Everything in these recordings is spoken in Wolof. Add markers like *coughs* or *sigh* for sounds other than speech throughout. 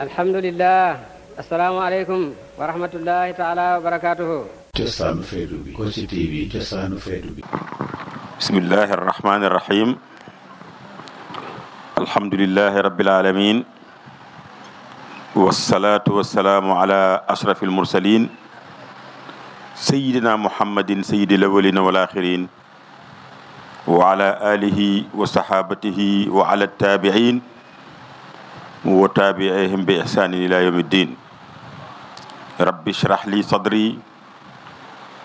الحمد لله السلام عليكم ورحمة الله تعالى وبركاته جسان فيدوبي كوشي تي جسان فيدوبي بسم الله الرحمن الرحيم الحمد لله رب العالمين والصلاة والسلام على أشرف المرسلين سيدنا محمد سيد الأولين والآخرين وعلى آله وصحابته وعلى التابعين وتابعيهم بإحسان إلى يوم الدين رب اشرح لي صدري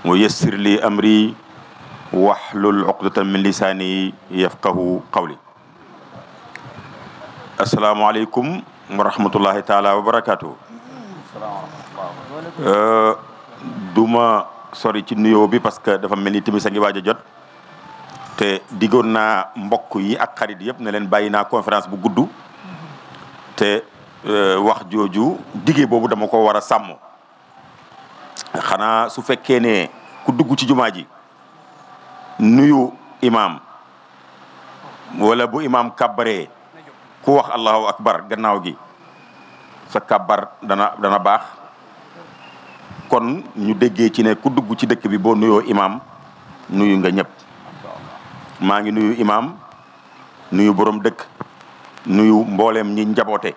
ويسر لي أمري واحلل عقدة من لساني يفقه قولي السلام عليكم ورحمة الله تعالى وبركاته أه، دوما سوري تي نيو بي باسكو دا فا ملني تيمي سانغي واجا جوت تي ديغونا مبوك يي اك خريط ييب نلان باينا كونفرنس بو غودو te euh, wax jooju dige boobu dama ko war a sàmm xanaa su fekkee ne ku dugg ci jumaa ji nuyu imaam wala bu imaam kàbbaree ku wax allahu akbar gannaaw gi sa kabar dana baax kon ñu déggee ci ne ku dugg ci dëkk bi boo nuyoo imaam nuyu nga ñëpp maa ngi nuyu imaam nuyu borom dëkk nuyu mboolem ñi njaboote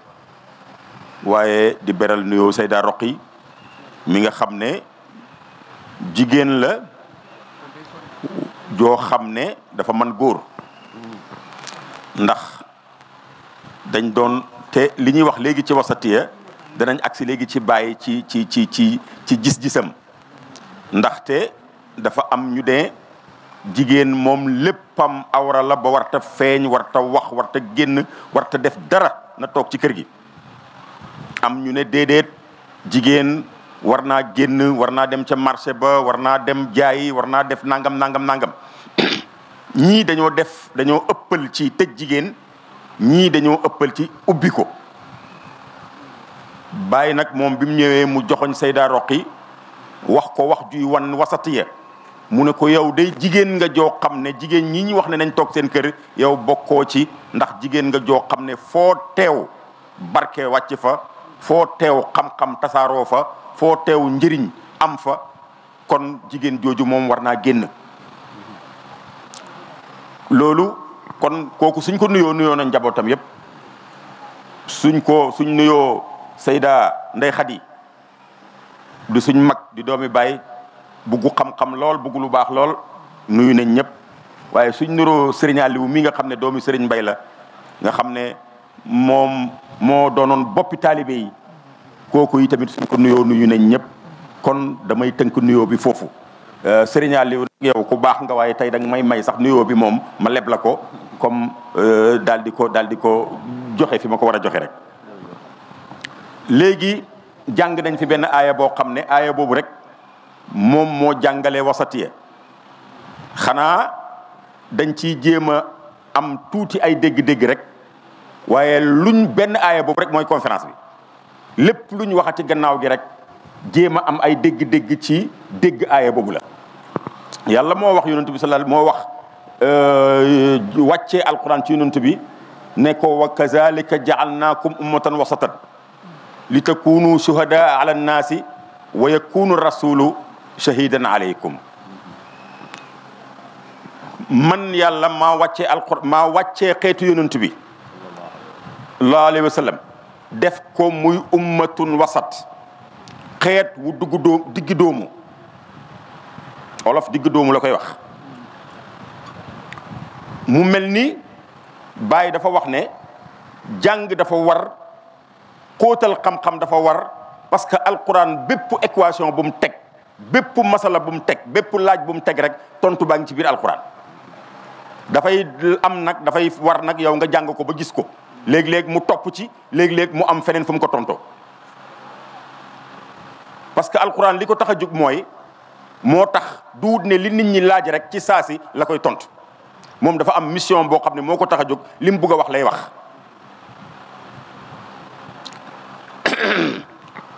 waaye di beral nuyoo Seyda Roqi mi nga xam ne jigéen la joo xam ne dafa man góor ndax dañ doon te li ñuy wax léegi ci wasatiya danañ agsi léegi ci bàyyi ci ci ci ci ci gis-gisam ndaxte dafa am ñu dee jigéen moom léppam awra la ba warta feeñ warta wax warta génn warta def dara na toog ci kër gi am ñu ne déedéet jigéen war naa génn war naa dem ca marché ba war naa dem jaayi war naa def nangam nangam nangam *clears throat* ñii dañoo def dañoo ëppal ci tëj jigéen ñii dañoo ëppal ci ubbiko ko bàyyi nag moom bi mu ñëwee mu joxoñ Sayda Roqi wax ko wax juy wan wasatiya mu ne ko yow de jigéen nga joo xam ne jigéen ñi ñu wax ne nañ toog seen kër yow bokkoo ci ndax jigéen nga joo xam ne foo teew barke wàcc fa foo teew xam-xam tasaaroo fa foo teew njëriñ am fa kon jigéen jooju moom war naa génn loolu kon kooku suñ ko nuyoo nuyoo na njabootam yépp suñ ko suñ nuyoo Sayda Ndey Xadi du suñ mag di doomi bàyyi buggu xam-xam lool bugg lu baax lool nuyu nañ ñëpp waaye suñ nuroo sëriñ Aliou mi nga xam ne doomi sëriñ Mbay la nga xam ne moom moo doonoon boppi taalibe kooku yi tamit suñ ko nuyu nañ ñëpp kon damay tënk nuyoo bi foofu euh, sëriñ Aliou yow ku baax nga waaye tey danga may may sax nuyoo bi moom ma leb la ko comme euh, daal di ko daal di ko joxe fi ma ko war a joxe rek léegi jàng nañ fi benn aaya boo xam ne aaya boobu rek moom moo jàngale wasatiya xanaa dañ ci jéem a am tuuti ay dégg-dégg rek waaye luñ benn aaya boobu rek mooy conférence bi lépp luñ waxati gannaaw gi rek jéem a am ay dégg-dégg ci dégg aaya boobu la. yàlla moo wax yonent bi sallallahu moo wax euh, wàccee alquran ci yonent bi ne ko wa kazalika ja'alnaakum ummatan wasatan li takunu shuhadaa ala nnaasi wa yakunu rasulu shahidan aleykum man yàlla maa wàccee alqur maa wàccee xeetu yonent bi sallallahu alayhi wa sallam def ko muy ummatun wasat xeet wu dugg dóom digg dóomu olof digg dóomu la koy wax mu mel ni Baay dafa wax ne jàng dafa war kóotal xam-xam dafa war parce que alquran bépp équation bu mu teg bépp masala bu mu teg bépp laaj bu mu teg rek tontu baa ngi ci biir alquran dafay am nag dafay war nag yow nga jàng ko ba gis ko léegi léeg mu topp ci léegi léeg mu am feneen fu mu ko tontoo parce que alquran li ko tax a jóg mooy moo tax duut ne li nit ñi laaj rek ci saa si la koy tontu moom dafa am mission boo xam ne moo ko tax a jóg li mu bëgg a wax lay wax *coughs*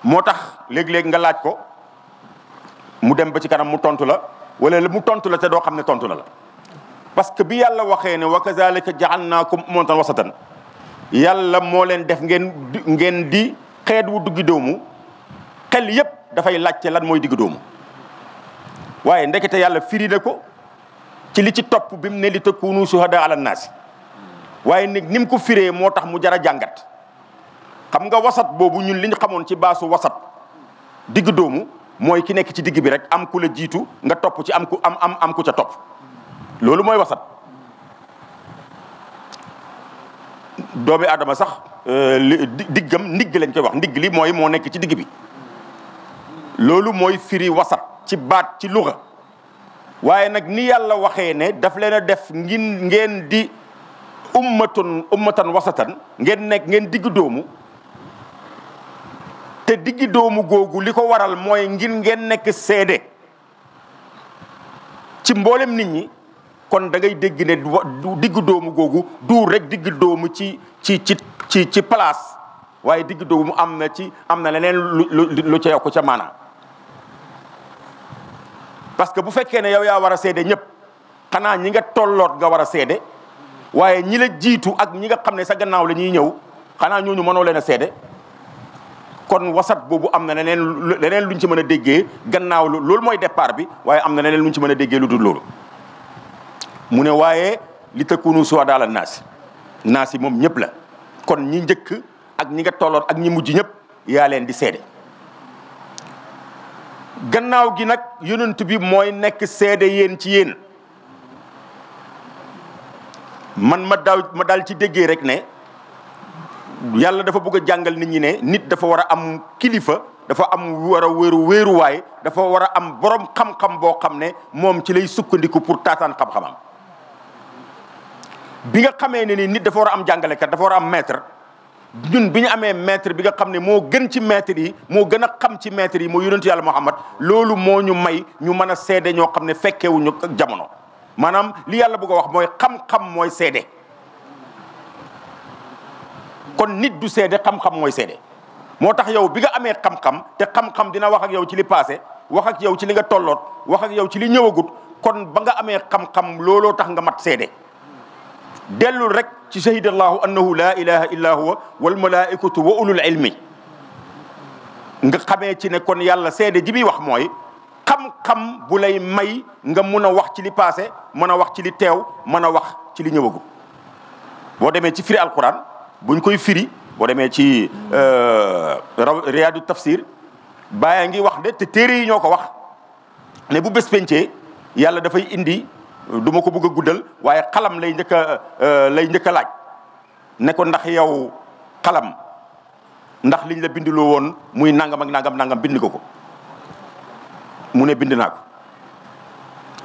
moo tax léeg-léeg nga laaj ko mu dem ba ci kanam mu tontu la wala mu tontu la te doo xam ne tontu na la parce que bi yàlla waxee ne wa kazalika ja'alnaakum ummatan wasatan yàlla moo leen def ngeen ngeen di xeet wu duggi doomu xel yépp dafay laajte lan mooy digg doomu waaye ndekete yàlla firi ko ci li ci topp bi mu ne li takunu shuhada ala naasi waaye nag nim mu ko firee moo tax mu jar a jàngat xam nga wasat boobu ñun li xamoon ci baasu wasat digg doomu mooy ki nekk ci digg bi rek am ku la jiitu nga topp ci am ku am am am ku ca topp loolu mooy wasat doomi aadama sax euh, diggam ndigg lañ koy wax ndigg li mooy moo nekk ci digg bi loolu mooy firi wasat ci baat ci luga waaye nag ni yàlla waxee ne daf leen a def ngin ngeen di ummatun ummatan wasatan ngeen nekk ngeen digg doomu te diggi doomu googu li ko waral mooy ngir ngeen nekk seede ci mboolem nit ñi kon da ngay dégg ne digg doomu googu du rek digg doomu ci ci ci ci place waaye digg doomu am na ci am na leneen lu lu ca yokku ca maana parce que bu fekkee ne yow yaa war a seede ñëpp xanaa ñi nga tolloot nga war a seede waaye ñi la jiitu ak ñi nga xam ne sa gannaaw la ñuy ñëw xanaa ñooñu mënoo leen a seede kon wasat boobu am na leneen leneen luñ ci mën a déggee gannaaw loolu mooy départ bi waaye am na leneen luñ ci mën a déggee lu dul loolu mu ne waaye li takunu suwa daala naas naas yi moom ñëpp la kon ñi njëkk ak ñi nga tolloon ak ñi mujj ñëpp yaa leen di seede gannaaw gi nag yonent bi mooy nekk seede yéen ci yéen man ma daaw ma daal ci déggee rek ne yàlla dafa bëgg jàngal nañu ne nit dafa war a am kilifa dafa am war a wéeru wéeruwaay dafa war a am borom xam-xam boo xam ne moom ci lay sukkandiku pour taataan xam-xamam. bi nga xamee ne ni nit dafa war am jàngalekat dafa war am maître ñun bi ñu amee maître bi nga xam ne moo gën ci maître yi moo gën a xam ci maître yi moo yonentu yàlla Muhammad loolu moo ñu may ñu mën a seede ñoo xam ne fekkewuñu jamono maanaam li yàlla bëgg wax mooy xam-xam mooy seede. kon nit du seede xam-xam mooy seede moo tax yow bi nga amee xam-xam te xam-xam dina wax ak yow ci li passé wax ak yow ci li nga tolloot wax ak yow ci li ñëwagut kon ba nga amee xam-xam looloo tax nga mat seede dellul rek ci shahida allahu annahu la ilaha illa huwa wal malaikatu wa ulul ilmi nga xamee ci ne kon yàlla seede ji muy wax moy xam-xam bu lay may nga mun wax ci li passé mën wax ci li tew mën wax ci li ñëwagut bo démé ci firi alcorane buñ koy firi boo demee ci euh, raw riyaadu tafsir bàyyi ngi wax de te téere yi ñoo ko wax ne bu bés pencee yàlla dafay indi duma ko bëgg a guddal waaye xalam lay njëkk euh, lay njëkk a laaj ne ndax yow xalam ndax liñ la bindiloo woon muy nangam ak nangam nangam bind ko ko mu bind naa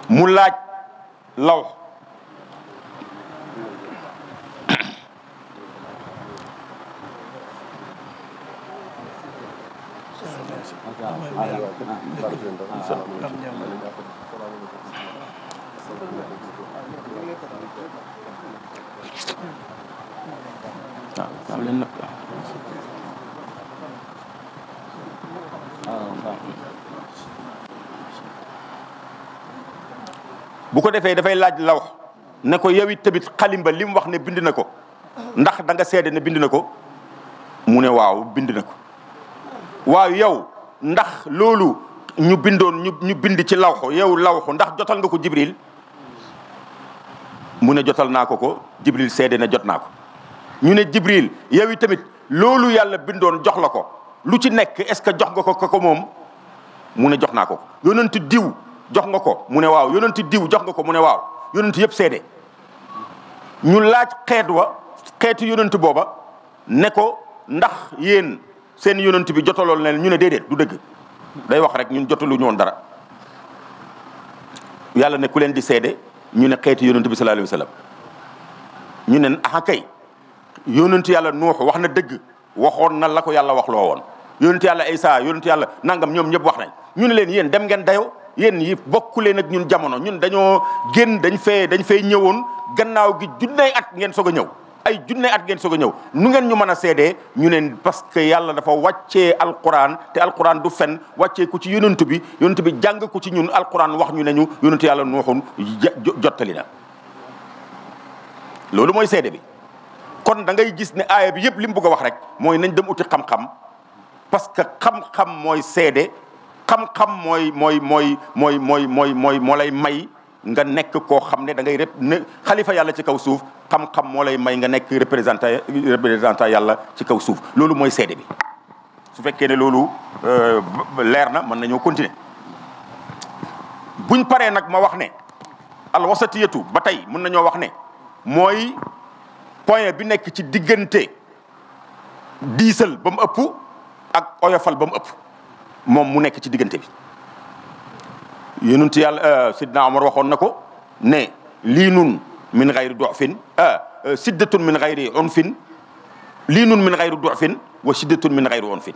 mu laaj law bu ko defee dafay laaj law ne ko yow it tamit wax ne bind na ko ndax danga nga ne bind na ko mu ne waaw bind na ko waaw yow ndax loolu ñu bindoon ñu ñu bind ci lawxu yow lawxu ndax jotal nga ko jibril mu ne jotal naa ko ko jibril seede ne jot naa ko ñu ne jibril yow yi tamit loolu yàlla bindoon jox la ko lu ci nekk est ce que jox nga ko ko moom mu ne jox naa ko ko yonent diw jox nga ko mu ne waaw ti diw jox nga ko mu ne waaw ti yëpp seede ñu laaj xeet wa xeetu ti booba ne ko ndax yéen seen yonent bi jotalool na leen ñu ne déedéet du dëgg day wax rek ñun jotalu ñu woon dara yàlla ne ku leen di seede ñu ne xeeti yonent bi sallallahu alayhi wa ñu ne aha kay yonent yàlla nuux wax na dëgg waxoon na la ko yàlla wax loo woon yonent yàlla Isaa yonent yàlla nangam ñoom ñëpp wax nañ ñu ne leen yéen dem ngeen dayoo yéen yi bokku leen ak ñun jamono ñun dañoo génn dañ fee dañ fee ñëwoon gannaaw gi junney at ngeen soog a ñëw ay junne at ngeen soo a ñëw nu ngeen ñu mën a seedee ñu ne parce que yàlla dafa wàccee alquran te alquran du fen wàccee ku ci yonent bi yonent bi jàng ku ci ñun alquran wax ñu ne ñu yonent yàlla nuuxun jottali na loolu mooy seede bi kon da ngay gis ne aaya bi yëpp lim mu wax rek mooy nañ dem uti xam-xam parce que xam-xam mooy seede xam-xam mooy mooy mooy mooy mooy mooy moo lay may nga nekk koo xam ne da ngay rep ne xalifa yàlla ci kaw suuf xam-xam moo lay may nga nekk représentant représentant yàlla ci kaw suuf loolu mooy seede bi su fekkee ne loolu euh, leer na mën nañoo continuer buñ paree nag ma wax ne alwasatiyatu ba tey mën nañoo wax ne mooy point bi nekk ci diggante diisal ba mu ëpp ak oyofal ba mu ëpp moom mu nekk ci diggante bi yonent yàlla euh, sidna Omar waxoon na ko ne lii nun min xayri dofin euh, euh, siddatun min xayri unfin lii nun min xayri dofin wa siddatun min xayri unfin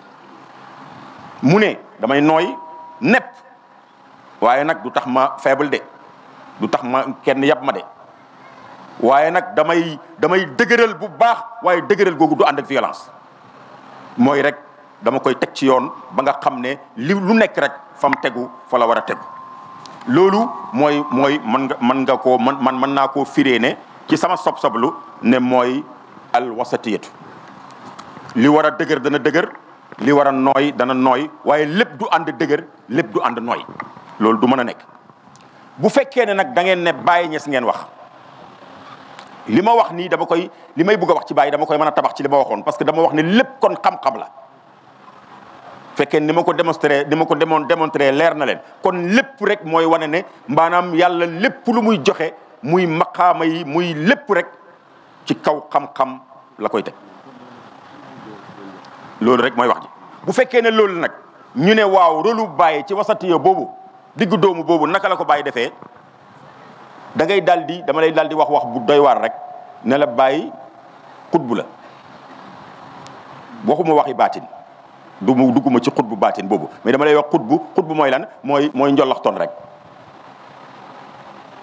mu ne damay nooy nepp waaye nag du tax ma faible de du tax ma kenn yab ma de waaye nag damay damay dëgëral bu baax waaye dëgëral googu du ànd ak violence mooy rek dama koy teg ci yoon ba nga xam ne li lu nekk rek fam tegu fa la war a tegu loolu mooy mooy mën nga mën nga koo man man mën naa koo firee ne ci sama sob-soblu ne mooy al wasatiyatu li war a dëgër dana dëgër li war a nooy dana nooy waaye lépp du ànd dëgër lépp du ànd nooy loolu du mën a nekk bu fekkee ne nag dangeen ngeen ne Baye Niass ngeen wax li ma wax nii dama koy li may a wax ci Baye dama koy mën a tabax ci li ma waxoon parce que dama wax ne lépp kon xam-xam la fekkee ni ma ko démontré ni ma ko démon démontré leer na leen kon lepp rek moy wane ne maanaam yàlla lépp lu muy joxe muy maqama yi muy lepp rek ci kaw xam-xam la koy teg loolu rek moy wax ji bu fekkee ne loolu nag ñu ne waaw rolu baye ci yo bobu digg doomu bobu naka la ko baye defee da ngay daldi di dama lay daldi di wax wax bu doy war rek ne la bàyyi xutbu la waxuma waxi batine du mu dugguma ci xutbu baatin boobu mais dama lay wax xutbu xutbu mooy lan mooy mooy njollaxtoon rek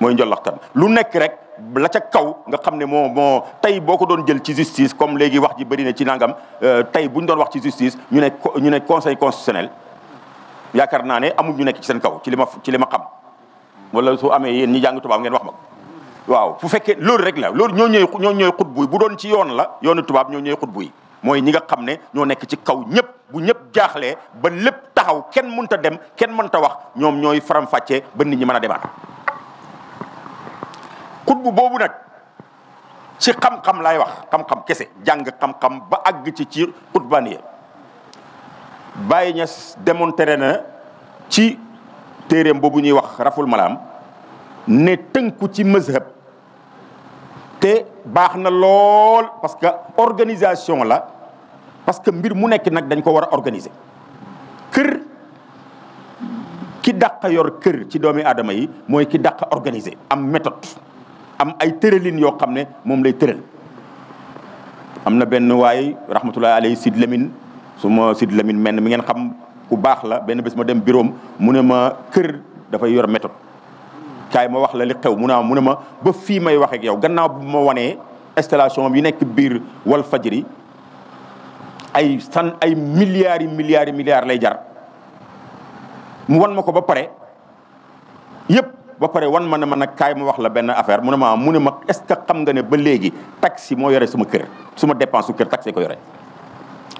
mooy njollaxtoon lu nekk rek la ca kaw nga xam ne moo moo tey boo ko doon jël ci justice comme léegi wax ji bëri na ci nangam euh, tey bu ñu doon wax ci justice ñu ne ñu ne conseil constitutionnel yaakaar naa ne amul ñu nekk ci seen kaw ci li ci li ma xam wala su amee yéen ñi jàng tubaab ngeen wax ma waaw fu fekkee loolu rek la loolu ñoo ñooy ñoo ñooy xutbu yi bu doon ci yoon la yoonu tubaab ñoo ñooy xutbu yi mooy ñi nga xam ne ñoo nekk ci kaw ñëpp bu ñëpp jaaxlee ba lépp taxaw kenn mënta dem kenn mënta wax ñoom ñooy faram-fàccee ba nit ñi mën a demaat xutbu boobu nag ci xam-xam laay wax xam-xam kese jàng xam-xam ba àgg ci ci xutbaan yi Baye Niass démontré na ci téeréem boobu ñuy wax raful malaam ne tënku ci mazhab te baax na lool parce que organisation la parce que mbir mu nekk nag dañ ko war a organiser kër ki dàq yor kër ci doomi aadama yi mooy ki dàq organiser am méthode am ay tëralin yoo xam ne moom lay tëral am na benn waay rahmatullahi alayhi sid lamin su ma sid lamin menn mi ngeen xam ku baax la benn bés ma dem biroom mu ne ma kër dafay yor méthode kaay ma wax la li xew mu naa ah, mu ne ma ba fii may wax ak yow gannaaw bu ma wanee installation yi nekk biir wal fajri ay san ay milliards yu milliards yi milliards lay jar mu wan ma ko ba pare yëpp ba pare wan ma ne ma nag kaay ma wax la benn affaire mu ne ma ah, mu ne ma est ce que xam nga ne ba léegi taxi moo yore suma kër suma dépense su kër taxi ko yore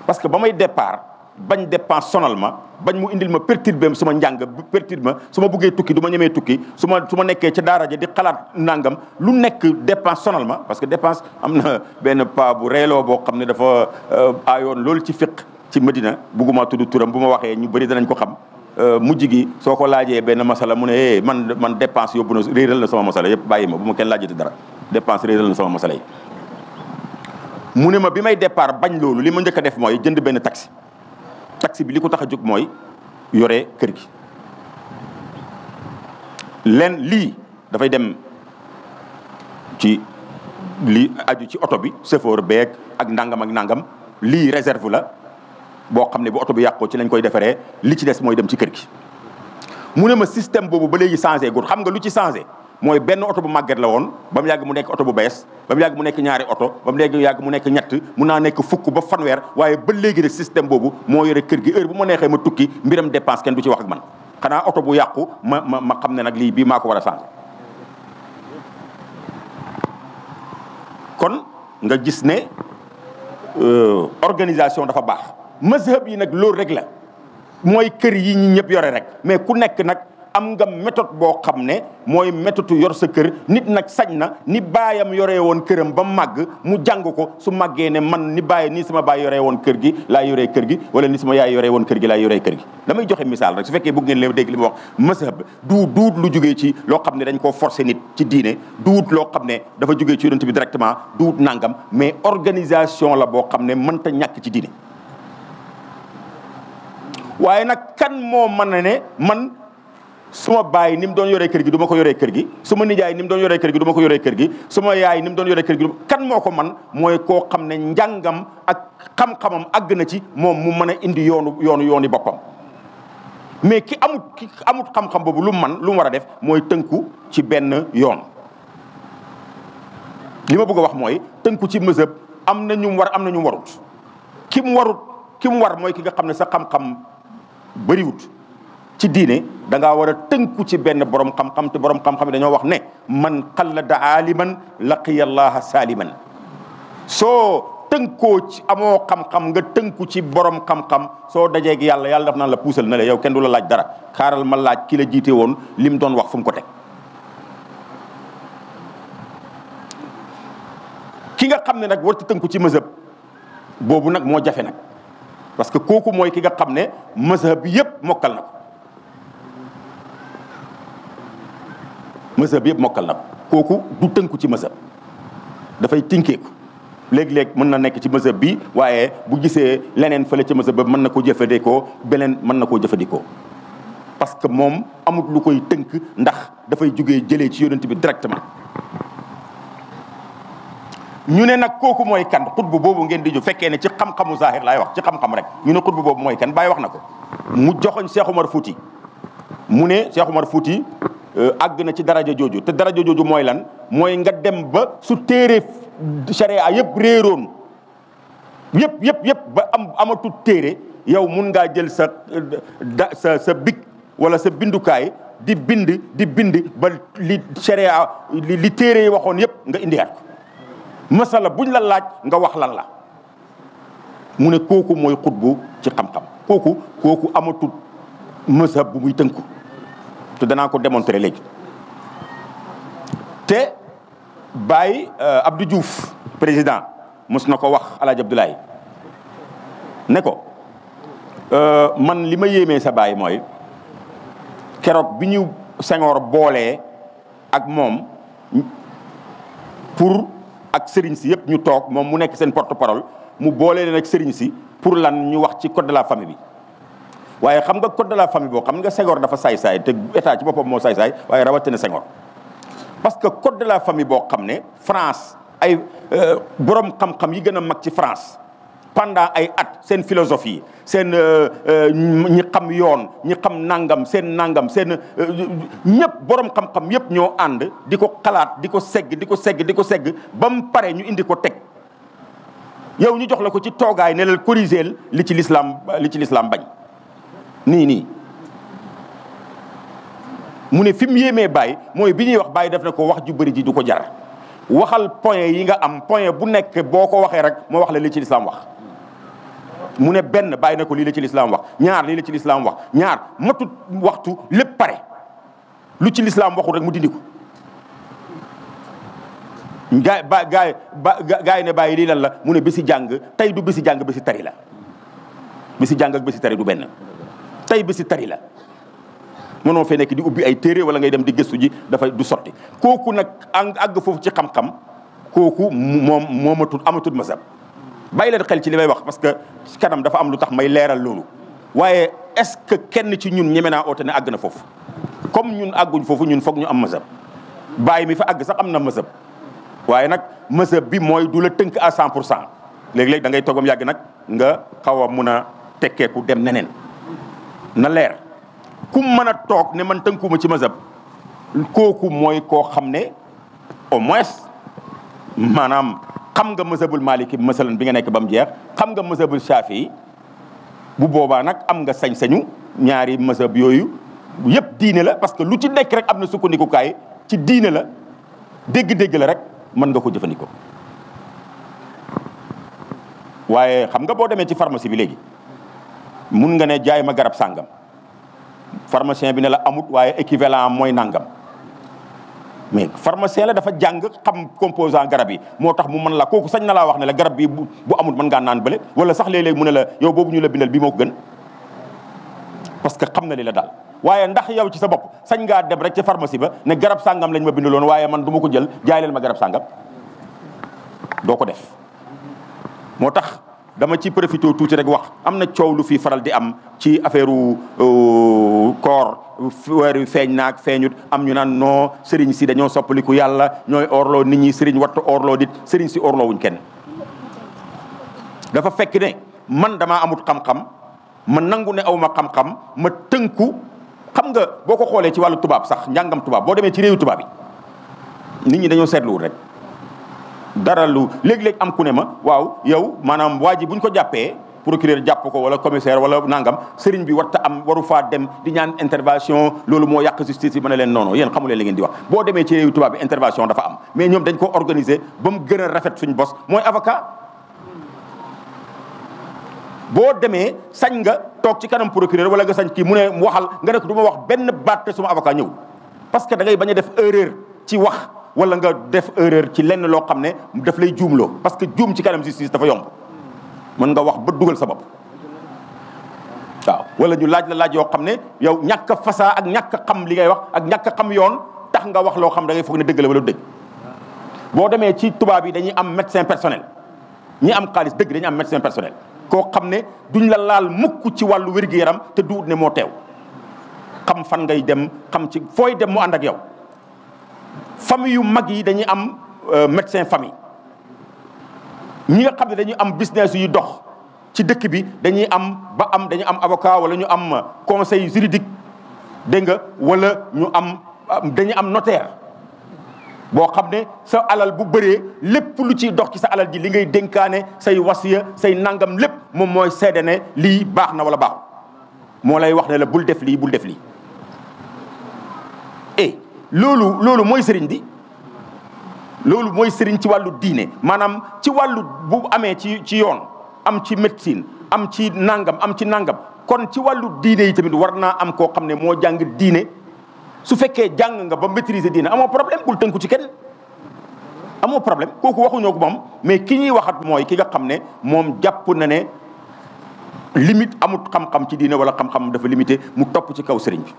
parce que ba may départ bañ dépense sonal ma bañ mu indil ma perturbé su ma njàng perturbé ma su ma buggee tukki du ma ñemee tukki su ma su ma nekkee ci daara ja di xalaat nangam lu nekk dépense sonal ma parce que dépense am na benn pa bu reeloo boo xam ne dafa euh, aayoon loolu ci fiq ci Medina bugguma tudd turam bu ma waxee ñu bëri danañ ko xam euh, mujj gi soo ko laajee benn masala mu ne eh, man man dépense yóbbu na réeral na sama masala yëpp bàyyi ma bu ma kenn laajati dara dépense réeral na sama masala mu ne ma bi may départ bañ loolu li ma njëkk def mooy jënd benn taxi taxi bi li ko tax a jóg mooy yore kër gi leen lii dafay dem ci lii aju ci oto bi chauffeur beeg ak nangam ak nangam lii réserve la boo xam ne boo oto bi yàqoo ci lañ koy defaree li ci des mooy dem ci kër gi mu ne ma système boobu ba léegi changé gul xam nga lu ci changé mooy benn oto bu màgget la woon ba mu yàgg mu nekk oto bu bees ba mu yàgg mu nekk ñaari oto ba mu yàgg mu nekk ñett mu naa nekk fukk ba fanweer waaye ba léegi rek système boobu moo yore kër gi heure bu ma neexee ma tukki mbiram dépense kenn du ci wax ak man xanaa oto bu yàqu ma ma ma xam ne nag lii bii maa ko war a changé kon nga gis ne euh, organisation dafa baax mazhab yi nag loolu rek la mooy kër yi ñi ñëpp yore rek mais ku nekk nag am nga méthode boo xam ne mooy méthode yor sa kër nit nag sañ na ni baayam yore woon këram ba màgg mu jàng ko su màggee ne man ni bàyyi nii sama baay yoree woon kër gi laa yoree kër gi wala ni sama yaay yoree woon kër gi lay yore kër gi damay joxe misaal rek su fekkee bëgg ngeen leen dégg li ma wax mazhab du duut lu jugee ci loo xam ne dañ koo forcer nit ci diine duut loo xam ne dafa jugee ci yonent bi directement duut nangam mais organisation la boo xam ne mënta ñàkk ci diine waaye nag kan moo mën a ne man su ma baay ni mu doon yore kër gi du ko yoree kër gi su ma nijaay nim mu doon yoree kër gi du ma ko yoree kër gi su ma yaay ni mu doon yoree kër gi kan moo ko man mooy koo xam ne njàngam ak xam-xamam àgg na ci moom mu mën a indi yoonu yoonu yooni boppam mais ki amut ki amut xam-xam boobu lu mu man lu mu war a def mooy tënku ci benn yoon li ma bëgg wax mooy tënku ci mësëb am na ñu mu war am na ñu mu warut ki mu warut ki mu war mooy ki nga xam ne sax xam-xam bëriwut ci diine da ngaa war a tënku ci benn borom xam-xam te borom xam-xam dañoo wax ne man kal la da xallada aaliman laqiya allaha saaliman soo tënkoo ci amoo xam-xam nga tënku ci borom xam-xam soo dajee ak yàlla yàlla daf naan la puusal na la yow kenn du la laaj dara xaaral ma laaj ki la jiite woon li mu doon wax fu mu ko teg ki nga xam ne nag warta tënku ci mazhab boobu nag moo jafe nag parce que kooku mooy ki nga xam ne mazhab bi yëpp mokkal na mësëb yëpp mokkal na ko kooku du tënku ci mësëb dafay tinkeeku léegi léeg mën na nekk ci mësëb bi waaye bu gisee leneen fële ci mësëb ba mën na ko jëfandikoo beneen mën na koo jëfandikoo parce que moom amut lu koy tënk ndax dafay jóge jëlee ci yonent bi directement ñu ne nag kooku mooy kan xutbu boobu ngeen di ju fekkee ne ci xam-xamu zahir laay wax ci xam-xam rek ñu ne xutbu boobu mooy kan baay wax na ko mu joxoñ Cheikh Omar Fouti mu ne Cheikh Omar Euh, àgg na ci daraja jooju te daraja jooju mooy lan mooy nga dem ba su téere sharia yëpp réeroon yëpp yëpp yëpp ba am amatul téere yow mun ngaa jël sa da sa sa wala sa bindukaay di bind di bind ba li sharia li téere yi waxoon yëpp nga indi at masala buñ la laaj nga wax lan la mu ne kooku mooy xutbu ci xam-xam kooku kooku amatul mazhab bu muy tënku te danaa ko démontrer légui té Baye euh, Abdou Diouf président mos ko wax El Hadj Abdoulaye ne ko euh, man li yémé sa baay moy keroog biñu ñu Senghor boolee ak mom pour ak sëriñ si yépp ñu tok mom mu nek sen porte-parole mu bolé leen ak sëriñ si pour lan ñu wax ci code de la famille bi waye xam nga code de la famille bo xam nga Senghor dafa say say te état ci boppam moo say saay waaye rawatina Senghor parce que code de la famille bo xamne France ay euh, borom xam-xam yi gëna mag ci France pendant ay at sen philosophie sen euh, euh, ñi xam yoon ñi xam nangam sen nangam sen ñëpp borom xam-xam yëpp ño and diko ko xalaat di ko segg diko ko segg di segg ba mu ñu indi ko tek yow ñu jox la ko ci togaay ne la corriger li ci l'islam li ci l'islam bañ nini mune mu ne bay mu yéemee bàyyi wax bay def na ko wax ju bëri ji du ko jar waxal point yi nga am point bu nek boko ko rek mo wax la li ci l'islam wax mune ben bay na ko lii la ci l'islam wax ñaar li la ci l'islam wax ñaar matu waxtu lépp paré lu ci l'islam waxu rek mu dindi ko ba gay gay ne bay li lan la mune bisi jang tay du bisi jang bisi tari la bisi jang ak bisi tari du ben. tay bisi si tari la mënoo fee nekk di ubbi ay téere walla ngay dem di gëstu ji dafay du sotti kooku nag àgg foofu ci xam kooku moom moomatul amatul mazhab bàyyi leen xel ci li may wax parce que kanam dafa am lu tax may leeral loolu waaye est-ce kenn ci ñun ñeme naa oote ne àgg na foofu comme ñun àgguñ foofu ñun foog ñu am mazhab bàyyi mi fa àgg sax am na mazhab waaye nag mazhab bi mooy du la tënk à cent pour cent léegi-léeg da ngay toogam yàgg nag nga xaw a mun a tekkeeku dem neneen na leer ku mën a toog ne man tënkuma ci mazhab kooku mooy koo xam ne au moins maanaam xam nga mazhabul maliki masalan bi nga nekk ba mu jeex xam nga mazhabul shafi bu boobaa nag am nga sañ-sañu ñaari mazhab yooyu yëpp diine la parce que lu ci nekk rek am na sukkandiku kaay ci diine la dégg-dégg la rek mën nga ko jëfandikoo waaye xam nga boo demee ci pharmacie bi léegi mun nga ne jaay ma garab sàngam pharmacien bi ne la amut waaye équivalent mooy nangam mais pharmacien la dafa jàng xam composant garab yi moo tax mu mën la kooku sañ na laa wax ne la garab bi bu amut man ngaa naan bale wala sax léeg-léeg mu ne la yow boobu ñu la bindal bi moo ko gën parce que xam na li la daal waaye ndax yow ci sa bopp sañ ngaa dem rek ci pharmacie ba ne garab sàngam lañ ma bindaloon waaye man du ma ko jël jaay leen ma garab sàngam doo ko def tax dama ci profité tuuti rek wax am na coow lu fii faral di am ci affaire koor weer wi feeñ naag feeñut am ñu naan non sëriñ si dañoo soppaliku yàlla ñooy orloo nit ñi sëriñ wattu orloo dit sëriñ si orloo wuñ kenn dafa fekk ne man damaa amut xam-xam ma nangu ne aw ma xam-xam ma tënku xam nga boo ko xoolee ci wàllu tubaab sax njàngam tubaab boo demee ci réewu tubaab yi nit ñi dañoo seetluwul rek dara lu léeg-léeg am ku ne ma waaw yow maanaam waa ji bu ñu ko jàppee procureur jàpp ko wala commissaire wala nangam sëriñ bi warta am waru faa dem di ñaan intervention loolu moo yàq justice yi ma ne leen non non yéen xamu leen li ngeen di wax boo demee ci réew tubaab intervention dafa am mais ñoom dañ ko organiser ba mu gën a rafet suñ bos mooy avocat boo demee sañ nga toog ci kanam procureur wala nga sañ kii mu ne waxal nga ne ko du ma wax benn baat te suma avocat ñëw parce que da bañ def erreur ci wax wala nga def erreur ci lenn loo xam ne daf lay juumloo parce que juum ci kanam justice dafa yomb mën nga wax ba dugal sa bopp waaw wala ñu laaj la laaj yoo xam ne yow ñàkk a ak ñàkk a xam li ngay wax ak ñàkk xam yoon tax nga wax loo xam da ngay foog ne dëgg la wala dëgg boo demee ci tubaab yi dañuy am médecin personnel ñi am xaalis dëgg dañuy am médecin personnel koo xam ne duñ la laal mukk ci wàllu wér-gu-yaram te duut ne moo teew xam fan ngay dem xam ci fooy dem mu ànd ak yow famille yu mag yi dañuy am euh, médecin famille ñi nga xam ne dañuy am business yu dox ci dëkk bi dañuy am ba am dañu am avocat wala ñu am conseil juridique dégg nga wala ñu am dañuy am notaire boo xam ne sa alal bu bëree lépp lu ciy dox ci sa alal ji li ngay dénkaane say wasiya say nangam lépp moom mooy seede lii baax na wala baax moo lay wax ne la bul def lii bul def lii eh, loolu loolu mooy sëriñ bi loolu mooy sëriñ ci wàllu diine maanaam ci wàllu bu amee ci ci yoon am ci médecine am ci nangam am ci nangam kon ci wàllu diine yi tamit war am koo xam ne moo jàng diine su fekkee jàng nga ba maîtriser diine amoo problème bul tënku ci kenn amoo problème kooku waxuñoo ko moom mais ki ñuy waxat mooy ki nga xam ne moom jàpp na ne limite amut xam-xam ci diine wala xam-xam dafa limité mu topp ci kaw sëriñ bi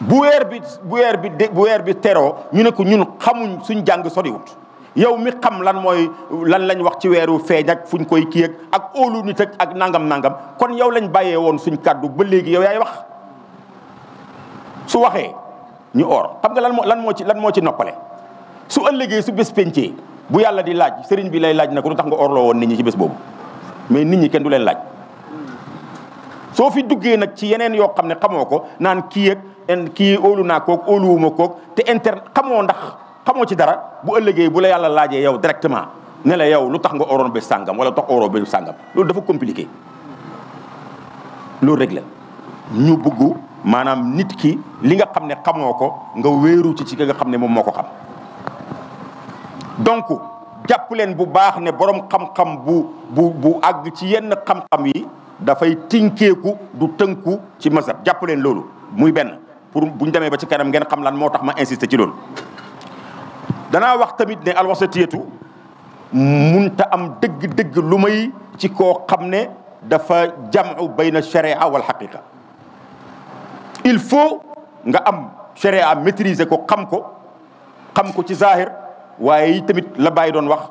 bu weer bi bu weer bi bu weer bi teroo ñu ne ko ñun xamuñ suñ jàng soriwut yow mi xam lan mooy lan lañ wax ci weeru feeñ ak fuñ koy kii ak óolu nit ak ak nangam nangam kon yow lañ bàyyee woon suñ kàddu ba léegi yow yaay wax su waxee ñu or xam nga lan moo lan moo ci lan moo ci noppale su ëllëgee su bés pencee bu yàlla di laaj sëriñ bi lay laaj na ko tax nga orloo woon nit ñi ci bés boobu mais nit ñi kenn du leen laaj soo fi duggee nag ci yeneen yoo xam ne xamoo ko naan kii kii olu naa koog óoluwuma koog te interne xamoo ndax xamoo ci dara bu ëllëgee bu la yàlla laajee yow directement ne la yow lu tax nga oroon ba sàngam wala lu tax oroo ba sàngam loolu dafa compliqué loolu rek la ñu bëgg maanaam nit ki li nga xam ne xamoo ko nga wéeru ci ci nga xam ne moom moo ko xam donc jàpp leen bu baax ne borom xam bu bu bu àgg ci yenn xam yi dafay tinkeeku du tënku ci masab jàpp leen loolu muy benn pour buñ démé ba ci kanam ngeen xam lan moo tax ma insister ci lool dana wax tamit ne alwasatiyatu munta am deug deug lumay ci ko xamné dafa jamu bayna sharia wal haqiqa il faut nga am sharia maîtriser ko xam ko xam ko ci zahir waye tamit la bay doon wax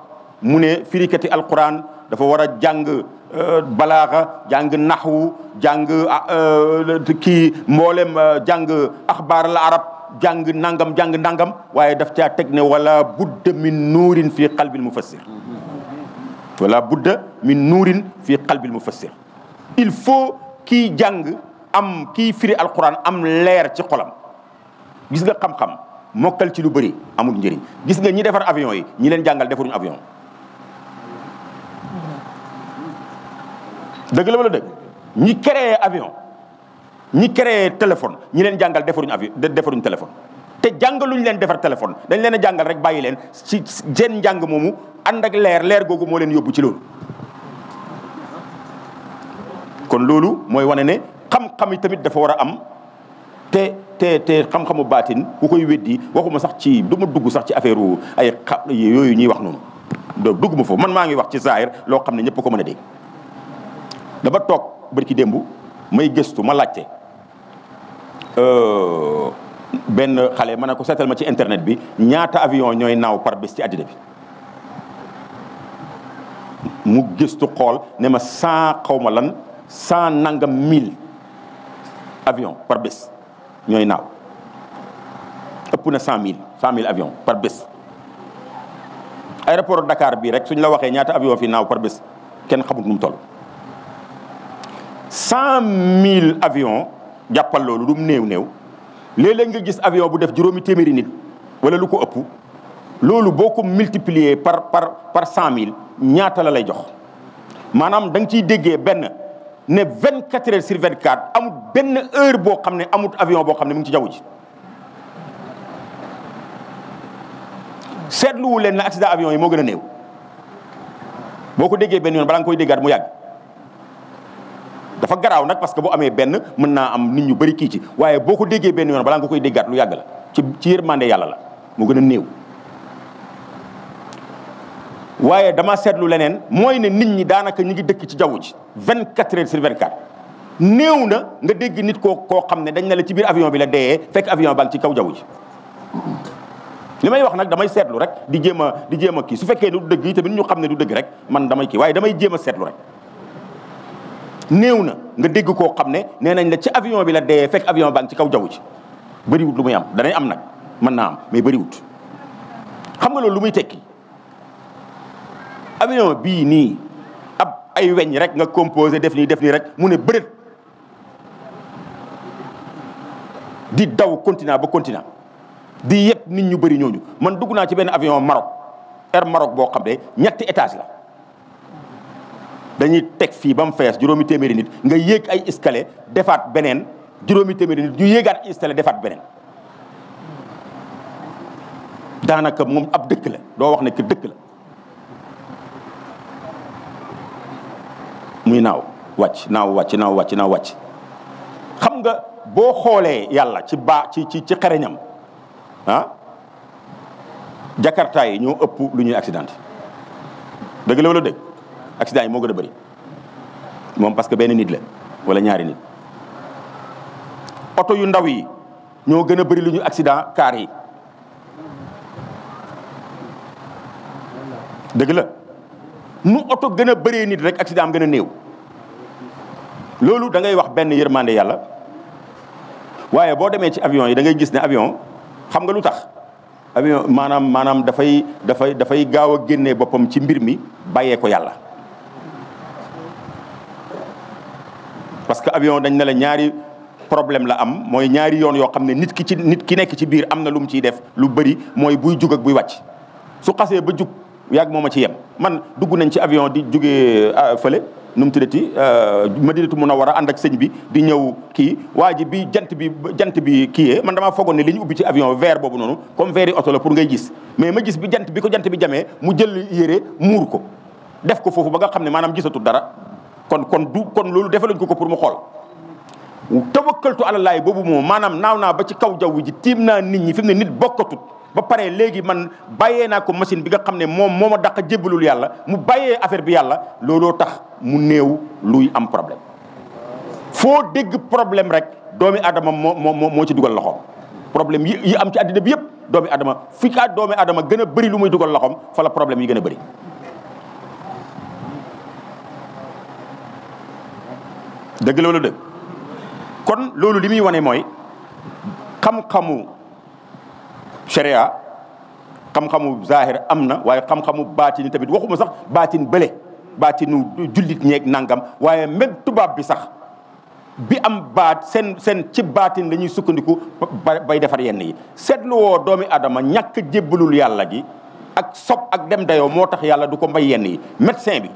mune ne firikati alquran dafa wara jàng balaaxa jàng naxwu jàng euh, kii mboolem euh, jàng axbaar al arab jàng nangam jàng nangam waaye daf caa teg wala budda min nuurin fi qalbil mufassir wala budda min nuurin fi qalbil mufassir il faut kii jàng am kii firi alquran am leer ci xolam gis nga xam-xam mokkal ci lu bëri amul njëriñ gis nga ñi defar avion yi ñi leen jàngal defaruñu avion dëgg la wala dëgg ñi créé avion ñi créé téléphone ñi leen jàngal defaruñu avion defaruñ téléphone. te jàngaluñ leen defar téléphone dañ leen a jàngal rek bàyyi leen ci seen njàng moomu ànd ak leer leer googu moo leen yóbbu ci loolu. kon loolu mooy wane ne xam yi tamit dafa war a am te te te xam-xamu baatin ku koy weddi waxuma sax ci du ma dugg sax ci affaire ay xa yooyu ñuy wax noonu. doo dugg ma foofu man maa ngi wax ci zaahir loo xam ne ñëpp ko mën a dégg. dama toog bërki démb may gëstu ma laajte euh, benn xale ma ne ko seetal ma ci internet bi ñaata avion ñooy naaw par bés ci àddina bi mu gëstu xool ne ma cent xaw ma lan cent nangam mille avion par bés ñooy naaw ëpp na cent mille cent mille par bés aéroport Dakar bii rek suñ la waxee ñaata avion fi naaw par bés kenn xamut nu toll cent mille avions jàppal loolu du mu néew néew léeg-léeg nga gis avion bu def juróomi téeméeri nit wala lu ko ëpp loolu boo ko multiplier par par par cent mille ñaata la lay jox maanaam da nga ciy déggee benn ne vingt quatre heures sur vingt amut benn heure boo xam ne amut avion boo xam ne mu ngi ci jaww ji. seetluwu leen ne accident avion yi moo gën a néew boo ko déggee benn yoon balaa nga koy déggaat mu yàgg. dafa garaaw nag parce que bu amee benn mën naa am nit ñu bëri kii ci waaye boo ko déggee benn yoon balaa nga koy déggaat lu yàgg la ci ci yërmande yàlla la moo gën a néew waaye dama seetlu leneen mooy ne nit ñi daanaka ñu ngi dëkk ci jaww ji 24 heures sur 24 néew na nga dégg nit koo koo xam ne dañ ne la ci biir avion bi la deeyee fekk avion baa ci kaw jaww ji may wax nag damay seetlu rek di jéem a di jéem a kii su fekkee ne du dëgg yi tamit ñu xam ne du dëgg rek man damay kii waaye damay jéem seetlu rek néew na nga dégg koo xam ne nee nañ la ci avion bi la dee fekk avion baa ngi ci kaw jaww ji bëriwut lu muy am danay am nag mën naa am mais bëriwut xam nga loolu lu muy tekki avion bii nii ab ay weñ rek nga composé def nii def nii rek mu ne bërët di daw continent ba continent di yëpp nit ñu bëri ñooñu man dugg naa ci benn avion Maroc Air Maroc boo xam ne ñetti étage la dañuy teg fii ba mu fees juróomi téeméeri nit nga yéeg ay escalier defaat beneen juróomi téeméeri nit ñu yéegaat escalier defaat beneen. daanaka moom ab dëkk la doo wax ne que dëkk la muy naaw wàcc naaw wàcc naaw wàcc naaw wàcc xam nga boo xoolee yàlla ci baa ci ci ci xereñam ah jakarta yi ñoo ëpp lu ñuy accidenté dëgg la wala dëgg accident yi moo gën a bari moom parce que benn nit la wala ñaari nit oto yu ndaw yi ñoo gën a bari lu ñu accident kaar yi dëgg la nu oto gën a bëree nit rek accident am gën a néew loolu da ngay wax benn yërmande yàlla waaye boo demee ci avion yi da ngay gis ne avion xam nga lu tax avion maanaam maanaam dafay dafay dafay gaaw a génnee boppam ci mbir mi bàyyee ko yàlla parce que avion dañ ne la ñaari problème la am mooy ñaari yoon yoo xam ne nit ki ci nit ki nekk ci biir am na lu mu ciy def lu bëri mooy buy jug ak buy wàcc su xasee ba jug yàgg moom a ci yem man dugg nañ ci avion di jugee ah, fële nu mu tuddati euh, Madinatu Munawwara ànd ak sëñ bi di ñëw kii waa ji bi jant bi jant bi kiiyee man dama foogoon ne li ñu ubbi ci avion verre boobu noonu comme verre yi oto la pour ngay gis mais ma gis bi jant bi ko jant bi jamee mu jël yére muur ko def ko foofu ba nga xam ne maanaam gisatul dara kon kon du kon loolu defaluñ ko ko pour mu xool tawakkaltu alalaay boobu moom maanaam naaw naa ba ci kaw jaww ji tiim naa nit ñi fim ne nit bokkatut ba pare léegi man bàyyee naa ko machine bi nga xam ne moom moo ma daq jébbalul yàlla mu bayee affaire bi yàlla looloo tax mu néew luy am problème foo dégg problème rek doomi adama moo moo moo ci dugal loxoom problème yi yi am ci àddina bi yëpp doomi adama fi ka doomi adama gën a bëri lu muy dugal loxoom fa la problème yi gën a bëri dëgg loolu de kon loolu li muy wane mooy xam-xamu sharia xam-xamu zahir am na waaye xam-xamu baatin tamit waxuma sax baatin bële baatinu jullit ñeeg nangam waaye même tubaab bi sax bi am baat seen seen ci baatin la ñuy sukkandiku bay defar yenn yi seetlu woo doomi adama ñàkk jébbalul yàlla gi ak sob ak dem dayoo moo tax yàlla du ko mbay yenn yi médecin bi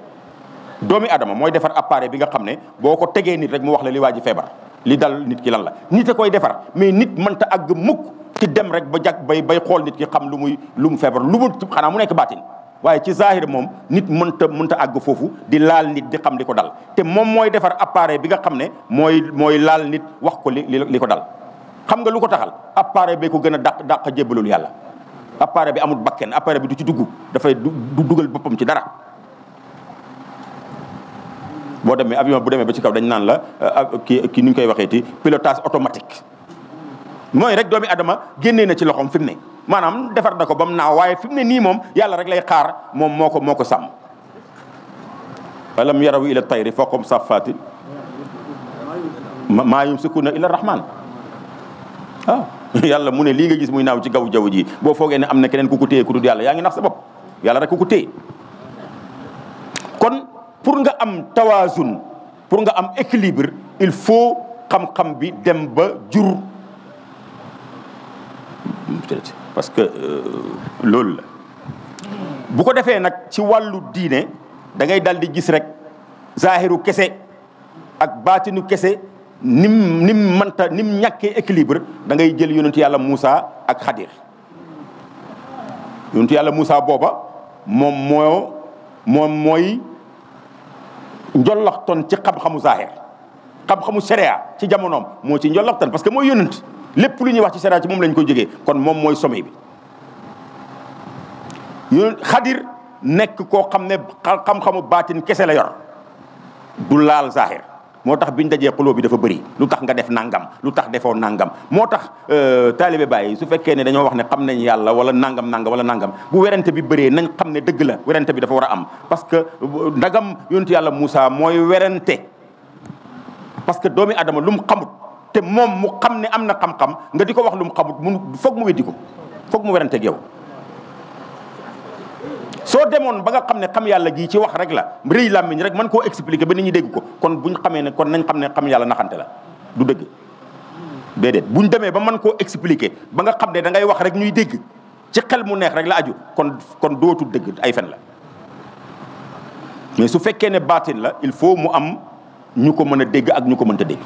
doomi adama mooy defar appareil bi nga xam ne boo ko tegee nit rek mu wax la li waa ji feebar li dal nit ki lan la nit a koy defar mais nit mënta àgg mukk ki dem rek ba jag bay bay xool nit ki xam lu muy lu mu feebar lu mu xanaa mu nekk baatin waaye ci zahir moom nit mënta mënta àgg foofu di laal nit di xam li ko dal te moom mooy defar appareil bi nga xam ne mooy mooy laal nit wax ko li li ko dal xam nga lu ko taxal appareil bee ko gën a dàq dàq jébbalul yàlla appareil bi amul bakken appareil bi du ci dugg dafay du dugal boppam ci dara bo demé avion bu demé ba ci kaw dañ nan la euh, ki ki ñu koy ti pilotage automatique moy rek doomi adama génné na ci loxom fimné manam défar nako defar na waye fimné ni mom yalla rek lay xaar mom moko ko sam ko alam yaraw ila tayri safati safatin maa yumsikuna ila rahman ya ah, *laughs* yalla mune li nga gis muy naw ci gaw jaww ji bo foogee ne am na keneen ku ko téye ku nax sa bop yalla rek ku ko pour nga am tawaasun pour nga am équilibre il faut xam-xam bi dem ba jur parce que euh, loolu la bu ko defee nag ci wàllu diine da ngay dal di gis rek zaahiru kese ak baatinu kese nim nim manta nim ñàkkee équilibre da ngay jël yonentu yàlla Moussa ak Xadir yonentu yàlla Moussa booba moom moo moom mooy njollaxtoon ci xam-xamu zahir xam-xamu sharia ci jamonoom moo ci njollaxtoon parce que mooy yonent lépp lu ñuy wax ci sharia ci moom lañ koy jógee kon moom mooy sommet bi xadir nekk koo xam ne xam-xamu baatin kese la yor du laal zahir moo tax biñ dajee xuloo bi dafa bëri lu tax nga def nangam lu tax defoo nangam moo tax euh, taalibe bàyyi su fekkee ne dañoo wax ne xam nañ yàlla wala nangam nangam wala nangam bu werante bi bëree nañ xam ne dëgg la werante bi dafa war a am parce que euh, ndagam yontu yàlla Moussa mooy werante parce que doomi adama lu mu xamut te moom mu xam ne am na xam-xam nga di ko wax lu mu xamut mu foog mu weddi ko foog mu werante ak yow soo demoon ba nga xam ne xam yàlla gii ci wax rek la rëy làmmiñ rek man koo expliquer ba nit ñi dégg ko kon buñ xamee ne kon nañ xam ne xam yàlla naxante la du dëgg déedéet buñ demee ba man koo expliquer ba nga xam ne da ngay wax rek ñuy dégg ci xel mu neex rek la aju kon kon dootul dëgg ay fen la mais su fekkee ne baatin la il faut mu am ñu ko mën a dégg ak ñu ko mënta dégg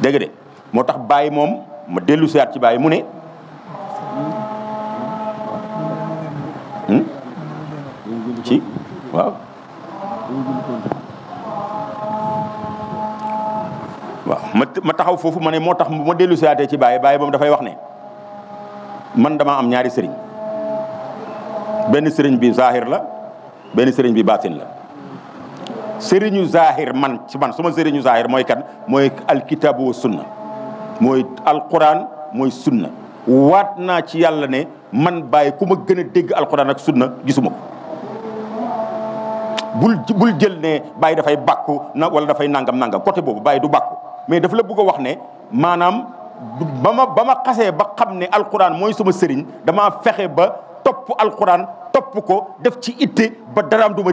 dégg de moo tax bàyyi moom ma dellu siwaat ci bàyyi mu ne ci waaw waaw ma taxaw foofu ma ne moo tax ma dellu siwaatee ci baay Baye moom dafay wax ne man dama am ñaari sëriñ benn sëriñ bi zahir la benn sëriñ bi baatin la sëriñu zahir man ci man suma sëriñu zahir mooy kan mooy alkitabu wa sunna mooy alquran mooy sunna waat naa ci yàlla ne man Baye ku ma gën a dégg alquran ak sunna gisuma ko bul bul jël ne bàyyi dafay bàkku na wala dafay nangam nangam côté boobu bàyyi du bakku mais dafa la bëgg a wax ne maanaam ba ma ba xasee ba xam ne alquran mooy suma sëriñ damaa fexe ba topp alxuraan topp ko def ci itte ba daraam du ma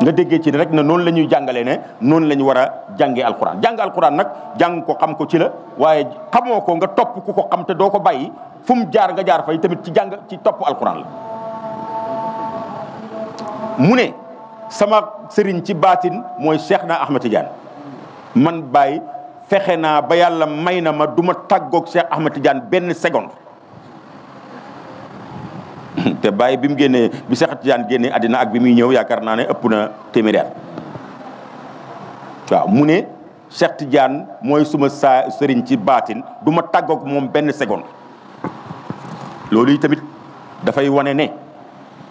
nga déggee ci rek ne noonu la ñuy jàngalee ne noonu la ñu war a jàngee alquran jàng alquran nag jàng ko xam ko ci la waaye xamoo ko nga topp ku ko xam te doo ko bàyyi fu mu jaar nga jaar fay tamit ci jàng ci topp alquran la mu ne sama sëriñ ci baatin mooy Cheikh na Ahmed Tidiane man Baye fexe naa ba yàlla may na ma duma ma tàggoog Cheikh Ahmed Tidiane benn seconde. te Baye bi mu génnee bi Cheikh Tidiane génnee àddina ak bi muy ñëw yaakaar naa ne ëpp na téeméer waaw mu ne Cheikh mooy suma saa sëriñ ci baatin du ma tàggoog moom benn seconde loolu tamit dafay wane ne.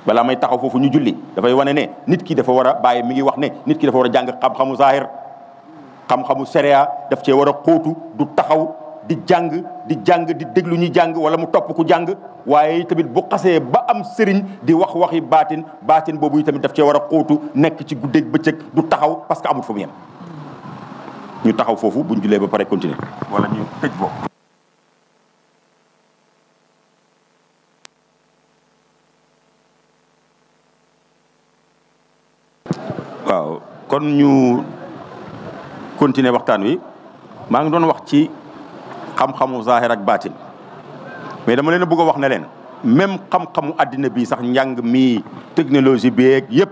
bala may taxaw foofu ñu julli dafay wane ne nit ki dafa war a bàyyi mi ngi wax ne nit ki dafa war a jàng xam-xamu zahir xam-xamu sharia daf cee war a xóotu du taxaw di jàng di jàng di déglu ñu jàng wala mu topp ku jàng waaye tamit bu xasee ba am sëriñ di wax waxi baatin baatin boobu tamit daf cee war a xóotu nekk ci guddeeg bëccëg du taxaw parce que amul fu mu yem ñu taxaw foofu buñ jullee ba pare continuer wala kon ñu continuer waxtaan wi maa ngi doon wax ci xam-xamu zahir baatin mais dama leen a bëgg wax na leen même xam-xamu àddina bi sax njàng mi technologie beeg yëpp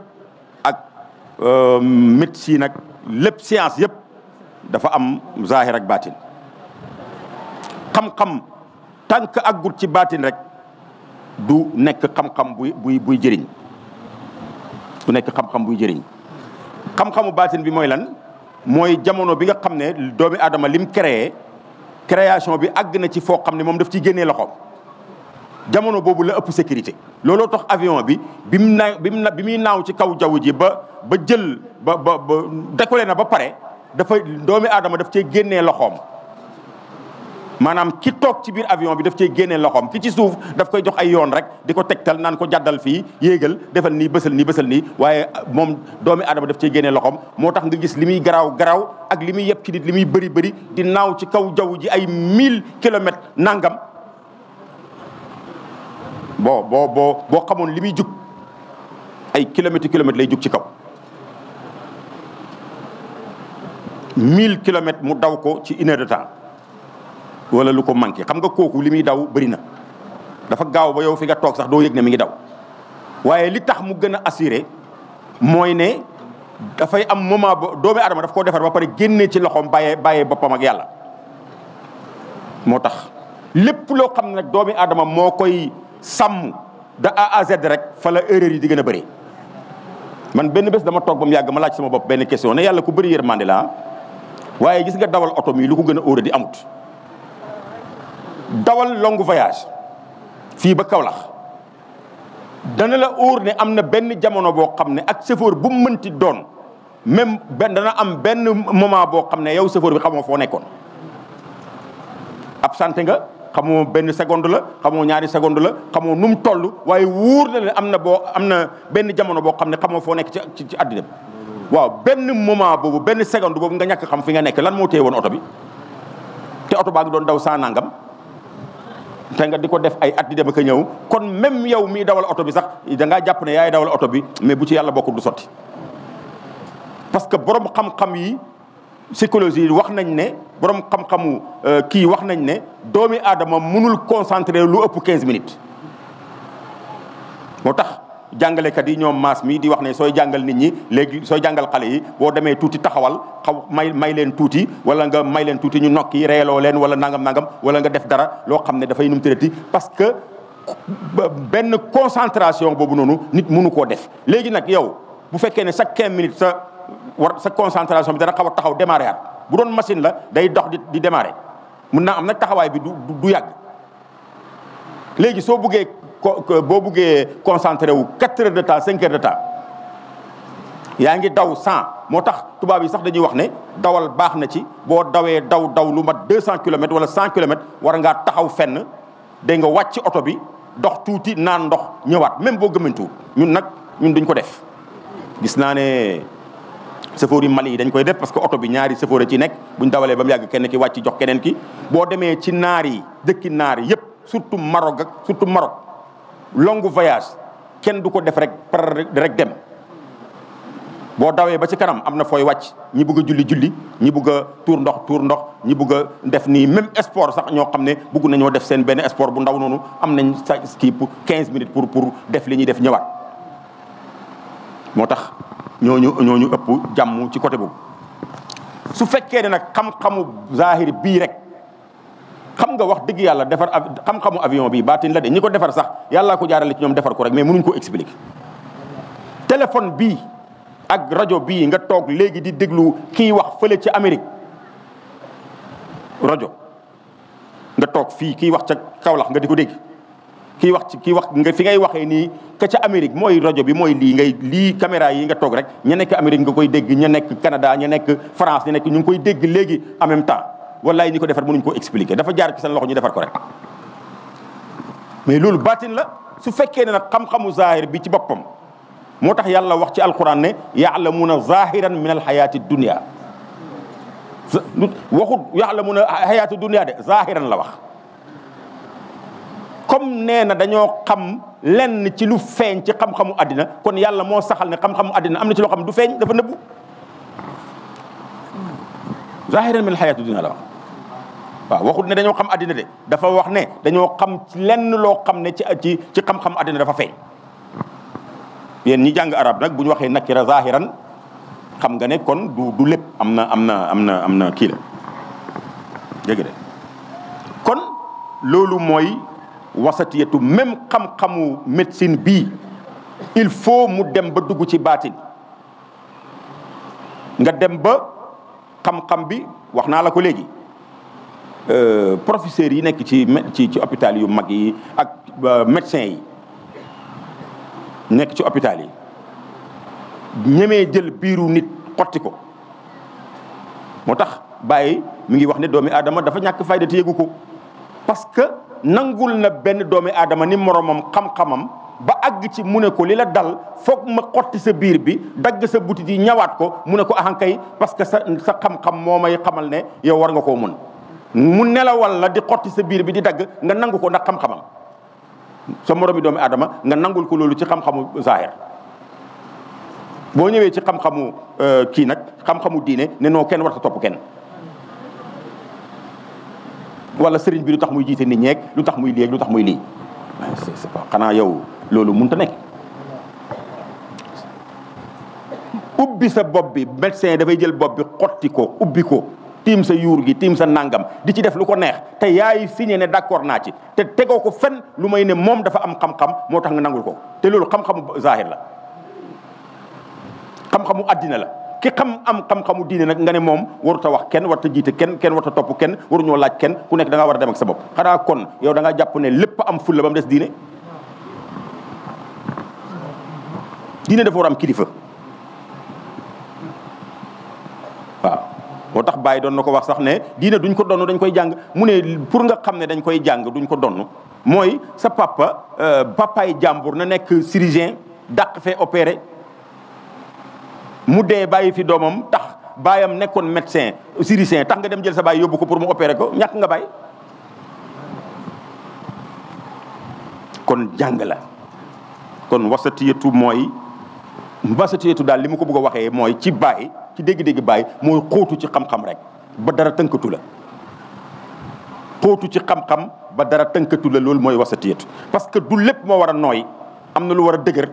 ak euh, médecine ak lépp science yëpp dafa am zahir ak baatin xam-xam tànk aggut ci baatin rek du nekk xam-xam buy buy buy jëriñ du nekk xam-xam buy jëriñ xam-xamu baatin bi mooy lan mooy jamono bi nga xam ne doomi aadama lim créé création bi àgg na ci foo xam ne moom daf ci génnee loxoom jamono boobu la ëpp sécurité. looloo tax avion bi bi mu na bi mu bi muy naaw ci kaw jaww ji ba ba jël ba ba ba décollé na ba pare dafa doomi adama daf cee génnee loxoom. maanaam ki toog ci biir avion bi daf cee génne loxoom ki ci suuf daf koy jox ay yoon rek di ko tegtal naan ko jàddal fii yégal defal nii bësal ni bësal nii waaye ah, moom doomi aadama daf ce génne loxoom moo tax nga gis li muy garaaw garaaw ak li muy yëpp ci nit li muy bëri bëri di naaw ci kaw jaww ji ay mill kilomètres nangam boo boo boo boo xamoon li muy jug ay kilomètres kilomètres lay jug ci kaw 1000 kilomètres mu daw ko ci une de temps wala lu ko manqué xam nga kooku li muy daw bëri na dafa gaaw ba yow fi nga toog sax doo yëg ne mi ngi daw waaye li tax mu gën a assuré mooy ne dafay am moment ba doomi adama daf koo defar ba pare génne ci loxoom bàyyee bàyyee boppam ak yàlla moo tax lépp loo xam ne doomi adama moo koy sàmm da A à rek fa la erreur yi di gën a bëri man benn bés dama toog ba mu yàgg ma laaj sama bopp benn question ne yàlla ku bëri yërmande la waaye gis nga dawal oto mi lu ko gën a óora di amut dawal longue voyage fii ba Kaolack dana la óor ne am na benn jamono boo xam ne ak chauffeur bu mu mënti doon même benn dana am benn moment boo xam ne yow chauffeur bi xamoo foo nekkoon absenté nga xamoo benn seconde la xamoo ñaari seconde la xamoo nu mu toll waaye wóor na ne am na boo am na benn jamono boo xam ne xamoo foo nekk ci ci àddina waaw benn moment boobu benn seconde boobu nga ñàkk xam fi nga nekk lan moo téye woon oto bi te oto baa doon daw saa nangam te nga di ko def ay at di dem ak ñëw kon même yow mii dawal oto bi sax da jàpp ne yaay dawal oto bi mais bu ci yàlla bokkul du soti parce que borom xam-xam yi psychologie wax nañ ne borom xam-xamu euh, kii wax nañ ne doomi aadama mënul concentrer lu ëpp quinze minutes moo tax. jàngalekat yi ñoom maas mi di wax ne sooy jàngal nit ñi léegi sooy jàngal xale yi boo demee tuuti taxawal xaw may may leen tuuti wala nga may leen tuuti ñu nokki reeloo leen wala nangam nangam wala nga def dara loo xam ne dafay num tërati parce que benn concentration boobu noonu nit munu koo def léegi nag yow bu fekkee ne chaque 15 minutes sa war sa concentration bi dana xaw a taxaw démarré at bu doon machine la day dox di di démarré mun na am na taxawaay bi du yàgg léegi soo buggee boo buggee concentré wu 4 heures de temps yaa ngi daw 100 moo tax tubaab yi sax dañuy wax ne dawal baax na ci boo dawee daw daw lu mat 200 kilomètres wala 100 kilomètres war ngaa taxaw fenn dégg nga wàcc oto bi dox tuuti naan ndox ñëwaat même boo gëmantuwul ñun nag ñun duñ ko def. gis naa ne sëfoor yi Mali yi dañ koy def parce que oto bi ñaari sëfoor ci nekk buñ dawalee ba mu yàgg kenn ki wàcc jox keneen ki boo demee ci naar yi dëkki naar yi yëpp surtout Maroc ak surtout Maroc. long voyage kenn du ko def rek par rek dem boo dawee ba ci kanam am na fooy wàcc ñi bëgg julli julli ñi bëgg a tuur ndox tuur ndox ñi bëgg a def nii même sport sax ñoo xam ne bëgg nañoo def seen benn sport bu ndaw noonu am nañ sa skip 15 minutes pour pour def li ñuy def ñëwaat moo tax ñooñu ñooñu ëpp jàmm ci côté boobu su fekkee ne nag xam-xamu zahir bii rek xam nga wax deug yalla defar xam-xamu avion bi batin la de ñiko defar sax yalla ko jaarale ci ñom defar ko rek mais mënuñ ko expliquer téléphone bi ak rajo bi nga tok légui di deglu ki wax fële ci Amérique radio nga tok fi ki wax ci Kaolack nga diko deg ki wax ci ki wax nga fi ngay waxee ni ka ci Amérique moy rajo bi moy li ngay li caméra yi nga tok rek ña nek Amérique nga koy deg nek Canada ña nek France ña nek ñu koy deg légui en même temps wallaay ñi ko defar mënuñ koo expliquer dafa jaar ci seen loxo ñu defar ko rek mais loolu baatin la su fekkee ne nag xam-xamu zahir bi ci boppam moo tax yàlla wax ci alquran ne yaalamuuna zahiran min alxayaati dunia waxut yaalamuuna xayaati dunia de zahiran la wax comme neena dañoo xam lenn ci lu feeñ ci xam-xamu adina kon yàlla moo saxal ne xam-xamu adina am na ci loo xam du feeñ dafa nëbb zahiran min alxayaati dunya la waaw waxut ne dañoo xam addina de dafa wax ne dañoo xam ci lenn loo xam ne ci ci ci xam-xam addina dafa feeñ yéen ñi jàng arab nag bu ñu waxee nakira zahiran xam nga ne kon du du lépp am na am na am na am na kii la de kon loolu mooy wasatiyatu même xam-xamu médecine bi il faut mu dem ba dugg ci baatin nga dem ba xam-xam bi wax naa la ko léegi euh, professeurs yi nekk ci ci ci hôpital yu mag yi ak euh, médecin yi nekk ci hôpital yi ñemee jël biiru nit xotti ko moo tax bàyyi mi ngi wax ne doomi aadama dafa ñàkk fayda te yëgu ko parce que nangul na benn doomi aadama ni moromam xam-xamam ba àgg ci mu ne ko li la dal foog ma xotti sa biir bi dagg sa butit yi ñawaat ko mu ne ko ahankay parce que sa sa xam-xam moo may xamal ne yow war nga koo mun mu nelawal la di xotti sa biir bi di dagg nga nangu ko ndax xam-xamam sa moromi doomi aadama nga nangul ko loolu ci xam-xamu zahir boo ñëwee ci xam-xamu euh, kii nag xam-xamu diine ne noo kenn war ta topp kenn wala sëriñ bi lu tax muy jiite ni ñeeg lu tax muy léeg lu tax muy lii xanaa yow loolu mënut a nekk ubbi sa bopp bi médecin dafay jël bopp bi xotti ko ubbi ko tiim sa yuur gi tiim sa nangam di ci def lu ko neex te yaay signé ne d'accord naa ci te tegoo ko fen lu may ne moom dafa am xam-xam moo tax nga nangul ko te loolu xam-xamu zahir la xam-xamu addina la ki xam am xam-xamu diine nag nga ne moom warut a wax kenn warut a jiite kenn kenn warut a topp kenn waruñoo laaj ken ku nekk danga war a dem ak sa bopp xanaa kon yow da nga jàpp ne lépp am fulla ba des diine dafa war kilifa waaw moo tax bàyyi doon na ko wax sax ne diine duñ ko donn dañ koy jàng mu ne pour nga xam ne dañ koy jàng duñ ko donnu mooy sa papa euh, papaay jàmbur na nekk chirurgien dàq fee opéré mu dee bàyyi fi doomam tax baayam nekkoon médecin chirurgien tax nga dem jël sa baay yóbbu ko pour mu opéré ko ñàkk nga baay kon jàng la kon wasatiyatu mooy mbasatiyatu daal li ma ko bëgg waxee mooy ci bàyyi ci dégg-dégg baay mooy xóotu ci xam-xam rek ba dara tënkatu la xóotu ci xam-xam ba dara tënkatu la loolu mooy wasatiyatu parce que du lépp moo war a nooy am na lu war a dëgër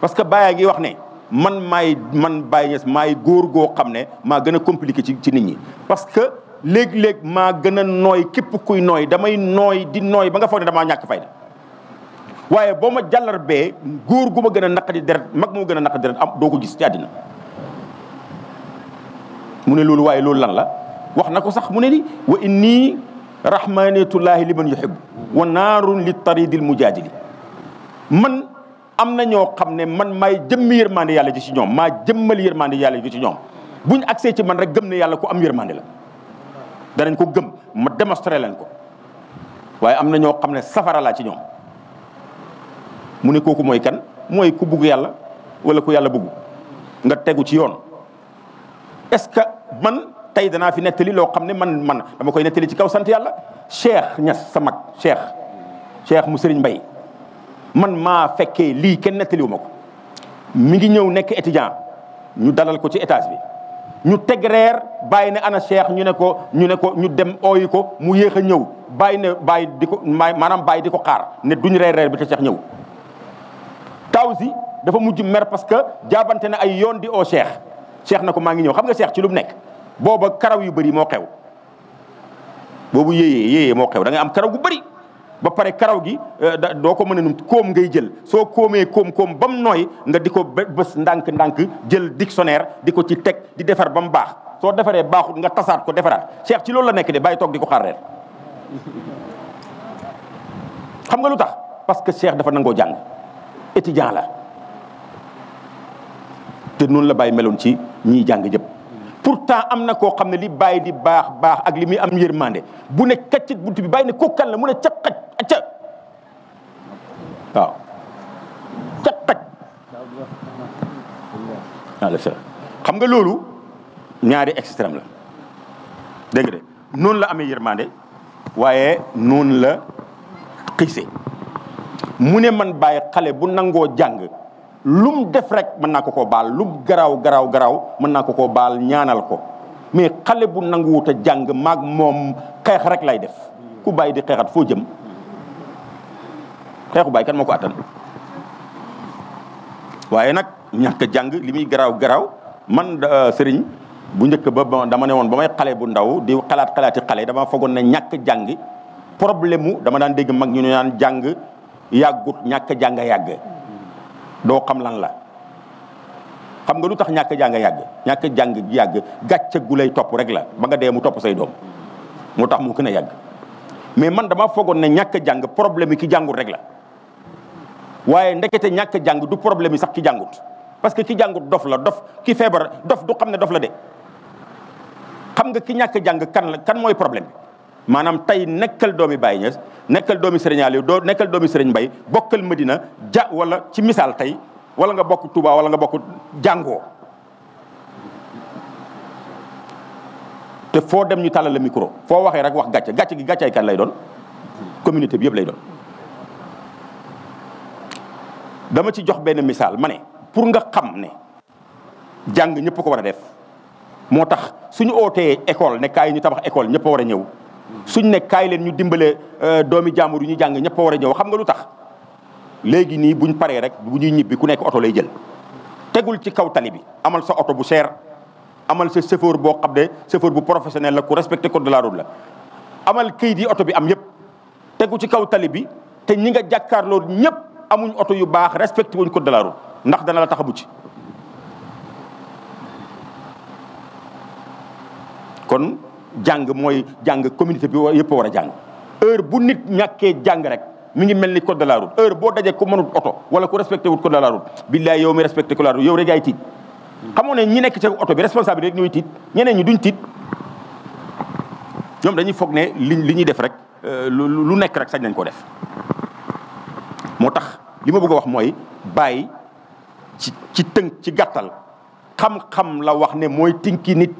parce que bàyyaa ngi wax ne man maay man Baye Niass maay góor goo xam ne maa gën a compliqué ci ci nit ñi parce que léeg-léeg maa gën a nooy képp kuy nooy damay nooy di nooy ba nga foog ne damaa ñàkk fayda waaye boo ma jàllar bee góor gu ma gën a naqadi deret mag moo gën a naqadi deret am doo ko gis ci mu ne loolu waaye loolu lan la wax na ko sax mu ne ni wa inni rahmanitullahi liman yuhibbu wa naarun li taridil mujaadili man am na ñoo xam ne man may maay jëmmi yërmande yàlla ji ci ñoom maa jëmmal yërmande yàlla ji ci ñoom buñ accès ci man rek gëm ne yàlla ku am yërmande la danañ ko gëm ma démonstré leen ko waaye am na ñoo xam ne safara laa ci ñoom mu ne kooku mooy kan mooy ku bugg yàlla wala ku yàlla bugg nga tegu ci yoon est-ce que man tey danaa fi nettali loo xam ne man man dama koy nettali ci kaw sant yàlla Cheikh Niass sa Cheikh Cheikh mu Serigne Mbaye man maa fekkee lii kenn nettaliwu ma ko mi ngi ñëw nekk étudiant ñu dalal ko ci étage bi ñu teg reer bàyyi ne ana cheikh ñu ne ko ñu ne ko ñu dem ooyi ko mu yéex a ñëw bàyyi ne bàyyi di ko maanaam bàyyi di ko xaar ne duñ reer bi te cheikh ñëw si dafa mujj mer parce que jaabante na ay yoon di oo Cheikh Cheikh na ko maa ngi ñëw xam nga seex ci lu nekk booba karaw yu bëri moo xew boobu yéyee yéyee moo xew da nga am karaw gu bëri ba pare karaw gi euh, doo ko mën a num koom ngay jël soo koomee koom koom ba mu nooy nga di ko bés ndànk ndànk jël dictionnaire di ko ci teg di defar ba mu baax soo defaree baaxut nga tasaat ko defaraat Cheikh ci loolu la nekk de bàyyi toog di ko xaar xam nga lu tax parce que Cheikh dafa nangoo jàng étudiant la te noonu la bàyyi meloon ci ñiy jàng pour pourtant am na koo xam ne li bàyyi di baax baax ak li muy am yërmande bu ne kaccit buntu bi bàyyi ne kooku kan la mu ne ca xaj acca waaw ca xaj xam nga loolu ñaari extrême la dégg nga de noonu la amee yërmande waaye noonu la xiise mu ne man bàyyi xale bu nangoo jàng lum def rek mën na ko koo baal lum garaaw garaaw garaaw mën na ko koo baal ñaanal ko mais xale bu nanguwut jàng maag moom xeex rek lay def ku bàyyi di xeexat foo jëm xeexu bàyyi kan moo ko attan waaye nag ñàkk jàng li muy garaaw garaaw man euh, sëriñ bu njëkk ba dama ne woon ba may xale bu ndaw di xalaat xalaati xale dama fogoon ne ñàkk jàng problème mu dama daan dégg mag ñu ne naan jàng yàggut ñàkk jàng yàgg doo xam lan la xam nga lu tax ñàkk jàng yàgg ñàkk jàng yàgg gàcce gu lay topp rek la ba nga dee mu topp say doom moo tax mu gën a yàgg mais man dama foogoon ne ñàkk jàng problème yi ki jàngut rek la waaye ndekete ñàkk jàng du problème yi sax ki jàngut parce que ki jàngut dof la dof ki feebar dof du xam ne dof la de xam nga ki ñàkk jàng kan la kan mooy problème maanaam tey nekkal doomi Baye Niass nekkal doomi Serigne Aliou doo nekkal doomi Serigne Mbaye ma Medina ja wala ci misaal tey wala nga bokk tubaa wala nga bokk jàngoo te foo dem ñu tàllal la micro foo waxee rek wax gàcce gàcce gi gàccaay lay doon communauté bi yëpp lay doon dama ci jox benn misaal ma ne pour nga xam ne jàng ñëpp ko war a def moo tax suñu ootee école ne yi ñu tabax école ñëpp war a ñëw suñ ne kaay leen ñu dimbale euh, doomi jàmbur yu ñu jàng ñëpp a war a ñëw xam nga lu tax léegi nii buñ paree rek bu ñuy ñibbi ku nekk oto lay jël tegul ci kaw tali bi amal sa oto bu seer amal sa chauffeur boo xam ne chauffeur bu professionnel la ku respecté code de la la amal këyit yi oto bi am yëpp tegu ci kaw tali bi te ñi nga jàkkaarloo ñëpp amuñ oto yu baax respecté wuñ code de la ndax dana la tax a mucc kon jàng mooy jàng communauté bi yëpp war a jàng heure bu nit ñàkkee jàng rek mu ngi mel ni ko de la route heure boo dajee ku mënut oto wala ku respecté wut ko de la route billaay yow mi respecté code de yow rek yaay tiit xamoo ne ñi nekk ci oto bi responsable rek ñooy tiit ñeneen ñi duñ tiit ñoom dañuy foog ne li li ñuy def rek euh, lu nekk rek sañ nañ ko def moo tax li ma bëgg a wax mooy bàyyi ci ci tënk ci gàttal xam-xam la wax ne mooy tinki nit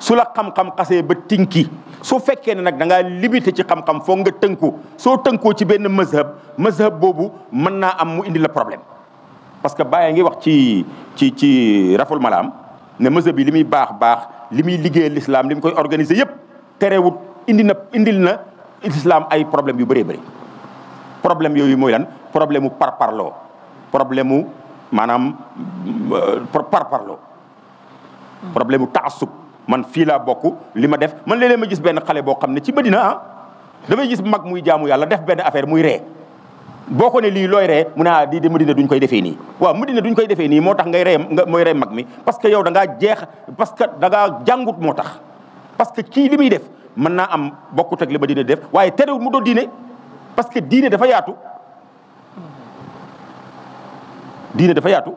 su la xam-xam xasee ba tinki su fekkee ne nag da ngaa limité ci xam-xam foog nga tënku soo tënkoo ci benn mazhab mazhab boobu mën naa am mu indi la problème parce que bàyyi ngi wax ci ci ci raful malaam ne mazhab yi li muy baax baax li muy liggéeyal l'islam li koy organiser yëpp terewut indi na indil na l'islam ay problème yu bëree bëri problème yooyu mooy lan problème mu parparloo problème mu maanaam euh, parparloo problème mu taasub man fii laa bokk li ma def man léeg-léeg ma gis benn xale boo xam ne ci Medina ah damay gis mag muy jaamu yàlla def benn affaire muy ree boo ko lii looy ree mu ne ah di de Medina duñ koy defee nii waaw Medina duñ koy defee nii moo tax ngay ree nga mooy ree mag mi parce que yow da ngaa jeex parce que da ngaa jàngut moo tax parce que kii li muy def mën naa am bokku ak li ma dina def waaye terewul mu doo diine parce que diine dafa yaatu diine dafa yaatu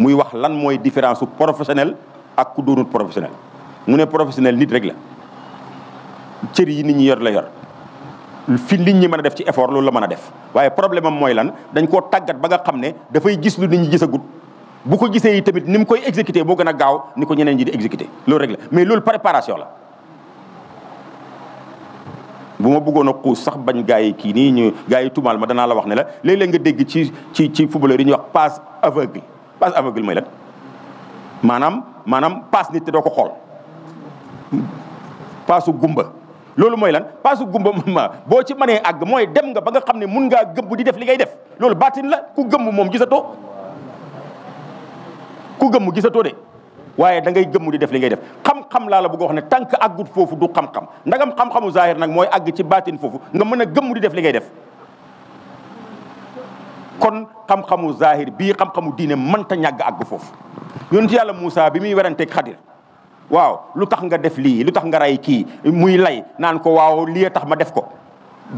muy wax lan mooy différence professionnel ak ku doonul professionnel mu ne professionnel nit rek la cër yi nit ñi yor la yor fi nit ñi mën a def ci effort loolu la mën a def waaye problème am mooy lan dañ koo tàggat ba nga xam ne dafay gis lu nit ñi gisagut bu ko gisee yi tamit ni mu koy exécuté boo gën a gaaw ni ko ñeneen ñi di exécuté loolu rek la mais loolu préparation la bu ma bëggoon a xuus sax bañ gars yi kii nii ñu gars yi tumaal ma danaa la wax ne la léeg-léeg nga dégg ci ci ci footballeur yi ñuy wax passe aveugle passe aveugle mooy lan maanaam maanaam passe nit te doo ko xool paasu gumba loolu mooy lan paasu gumba ma boo ci manee àgg mooy dem nga ba nga xam ne mun ngaa gëmb di def li ngay def loolu baatin la ku gëmmu moom gisatoo ku gëmm gisatoo de waaye da ngay gëmm di def li ngay def xam-xam laa la bëgg wax ne tànk àggut foofu du xam-xam ndagam xam-xamu zahir nag mooy àgg ci baatin foofu nga mën a gëmm di def li ngay def kon xam-xamu zahir bi xam-xamu diine ta ñag ag foofu yonent yàlla musa bi mi werante xadir waaw lu tax nga def li lutax nga ray ki muy lay nan ko waaw li tax ma def ko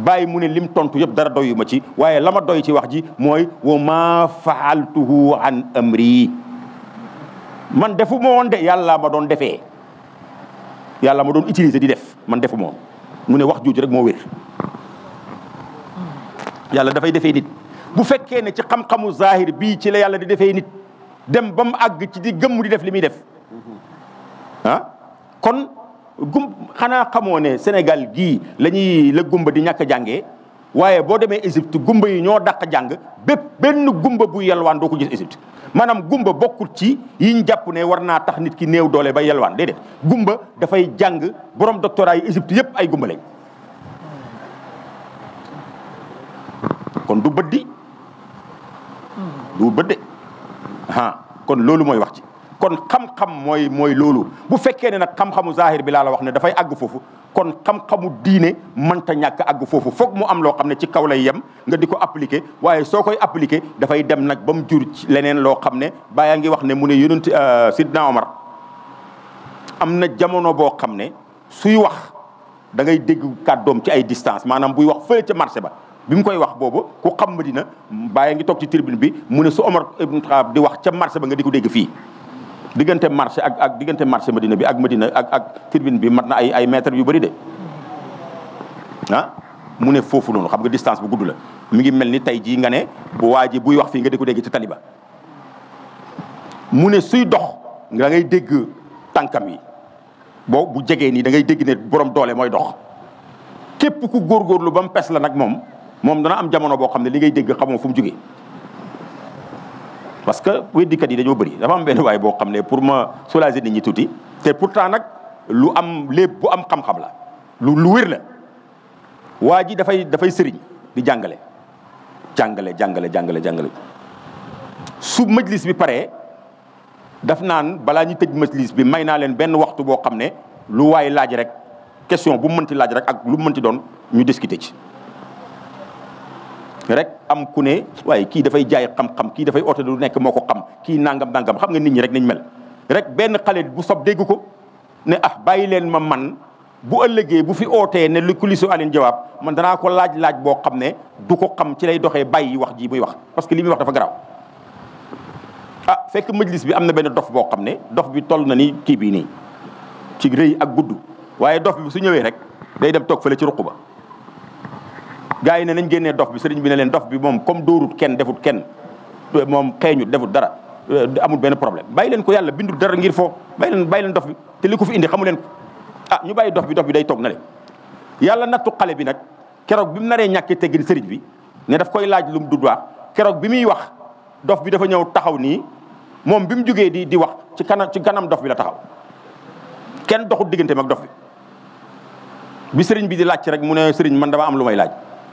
bay mu ne lim tontu yeb dara doyu ma ci waye lama doy ci wax ji moy wa ma faaltuhu an amri man defu ma woon de yàlla ma don defé yàlla ma don utiliser di def man defu moom mu ne wax jooju rek mo wér yàlla da fay defé nit bu fekkee ne ci xam-xamu zahir bii ci la yàlla di defee nit dem ba mu àgg ci di gëmmu di def li muy def ah? kon gum xanaa xamoo ne Sénégal gii lañuy la gumba di ñàkk jàngee waaye boo demee Égypte gumba yi ñoo daq jàng bépp benn gumba bu yelwaan doo ko gis Égypte maanaam gumba bokkul ci yiñ jàpp ne war naa tax nit ki néew doole ba yelwaan déedéet gumba dafay jàng borom doctorat yi Égypte yëpp ay gumba lañ kon du bëddi du bët de ah kon loolu mooy wax ci kon xam-xam mooy mooy loolu bu fekkee ne na xam-xamu zahir bi laa la wax ne dafay àgg foofu kon xam-xamu diine mënta ñàkk àgg foofu foog mu am loo xam ne ci kaw lay yem nga di ko appliqué waaye soo koy appliqué dafay dem nag ba mu jur ci leneen loo xam ne bàyyaa ngi wax ne mu ne yonent euh, Sidna Omar am na jamono boo xam ne suy wax da ngay ka doom ci ay distance maanaam buy wax fële ca marché ba bi mu koy wax boobu ku xam Madina bàyyi ngi toog ci tribune bi mu ne su Omar di wax ca marché ba nga di ko dégg fii diggante marché ak ak diggante marché Madina bi ak Madina ak ak tribune bi mat na ay ay mètres yu bëri de ah, mu ne foofu noonu xam nga distance bu gudd la mi ngi mel ni tey jii nga ne bu waa ji buy wax fii nga di ko dégg ci taliba mu ne suy dox da ngay dégg tànkam yi boo bu jegee nii da ngay dégg ne borom doole mooy dox képp ku góorgóorlu ba mu pes la nag moom moom dana am jamono boo xam ne li ngay dégg xamoo fu mu jógee parce que weddikat yi dañoo bëri dafa am benn waay boo xam ne pour ma soulager nit ñi tuuti te pourtant nag lu am lépp bu am xam la lu lu la waa ji dafay dafay sëriñ di jàngale jàngale jàngale jàngale jàngale su majlis bi paree daf naan balaa ñu tëj majlis bi may naa leen benn waxtu boo xam ne lu waay laaj rek question bu mu mënti laaj rek ak lu mu mënti doon ñu discuter ci rek am ku ne waaye kii dafay jaay xam-xam kii dafay oote du nekk moo ko xam kii nangam nangam xam nga nit ñi rek nañ mel rek benn xale bu sob dégg ko ne ah bàyyi leen ma man bu ëllëgee bu fi ootee ne lu kulisu Alioune jawaab man danaa ko laaj laaj boo xam ne du ko xam ci lay doxe doxee yi wax ji muy wax parce que li muy wax dafa garaaw ah fekk majlis bi am na benn dof boo xam ne dof bi toll na ni kii bii nii ci rëy ak gudd waaye dof bi su ñëwee rek day dem toog fële ci ruq ba gaa yi ne nañ génnee dof bi sëriñ bi ne leen dof bi moom comme dóorut kenn defut kenn moom xeeñut defut dara euh, amul benn problème bay leen ko yàlla bindul dara ngir foo bay leen bàyyi dof bi te li ko fi indi xamu leen ah ñu bàyyi dof bi dof bi day toog na le yàlla nattu xale bi nag keroog bi mu naree ñàkkee teggin sëriñ bi ne daf koy laaj lu mu dudwaax keroog bi muy wax dof bi dafa ñëw taxaw nii moom bi mu jógee di di wax ci kanam ci kanam dof bi la taxaw kenn doxul diggante mag dof bi bi sëriñ bi di laaj rek mu ne sëriñ man dama am lu may laaj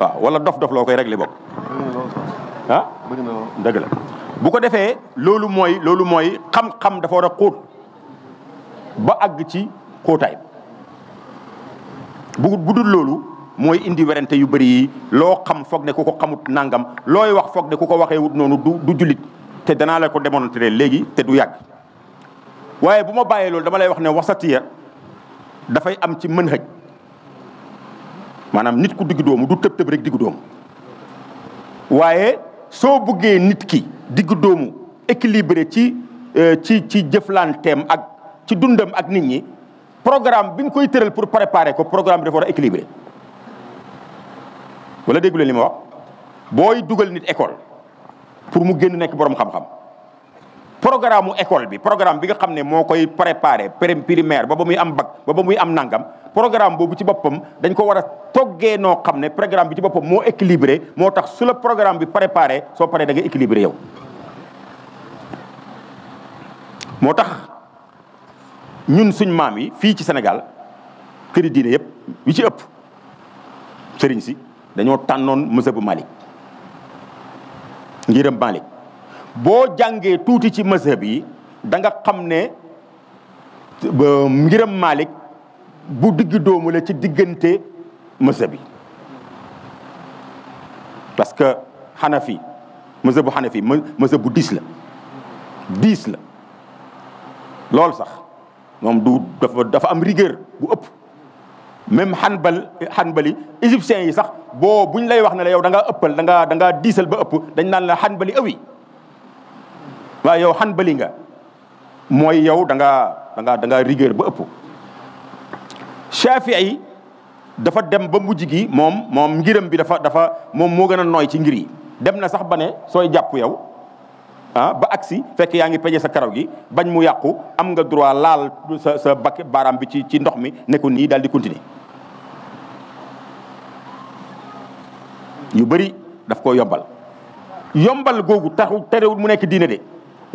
waaw wala dof-dof loo koy réglé bopp ah dëgg la bu ko defee loolu mooy loolu mooy xam-xam dafa war a xóot ba àgg ci xóotaay bu bu dul loolu mooy indi werante yu bari yi loo xam foog ne ku ko xamut nangam looy wax foog ne ku ko waxee wut noonu du du jullit te danaa la ko démontrer léegi te du yàgg waaye bu ma bàyyee loolu dama lay wax ne wasatiya dafay am ci mën xëj maanaam nit ku diggu doomu du tëb tëb rek diggu doomu waaye soo buggee nit ki digg doomu équilibré ci euh, ci ci jëflanteem ak ci dundam ak nit ñi programme bi nga koy tëral pour préparer ko programme bi dafa war a équilibré wala déggulee li ma wax booy dugal nit école pour mu génn nekk borom xam-xam programme école bi programme bi nga xam ne moo koy préparé primaire ba ba muy am bac ba ba muy am nangam programme boobu ci boppam dañ ko war a toggee noo xam ne programme bi ci boppam moo équilibré moo tax su programme bi préparé soo paree da nga équilibré yow. moo tax ñun suñ maam yi fii ci Sénégal këri diine yëpp yu ci ëpp sëriñ si dañoo tànnoon mazhabu Malik ngiram Malik boo jàngee tuuti ci mazhab yi da nga xam ne ngiram Malik bu digg doomu la ci diggante mazhab yi parce que Hanafi mazhab bu Hanafi mazhab bu diis la diis la loolu sax moom du dafa dafa am rigueur bu ëpp même Hanbal Hanbali égyptiens yi sax boo buñ lay wax ne la yow da ngaa ëppal da ngaa da ngaa diisal ba ëpp dañ naan la Hanbali awi ah waaw yow hanbali nga mooy yow danga ngaa da ngaa da rigueur ba ëpp Shafi'i dafa dem ba mujj gi moom moom ngiram bi dafa dafa moom moo gën a nooy ci ngir dem na sax bane sooy jàpp yow ah ba agsi fekk yaa ngi peñe sa karaw gi bañ mu yàqu am nga droit laal sa sa bakk baaraam bi ci ci ndox mi ne ko nii daal di continuer yu bëri daf ko yombal yombal googu taxu terewul mu nekk diine de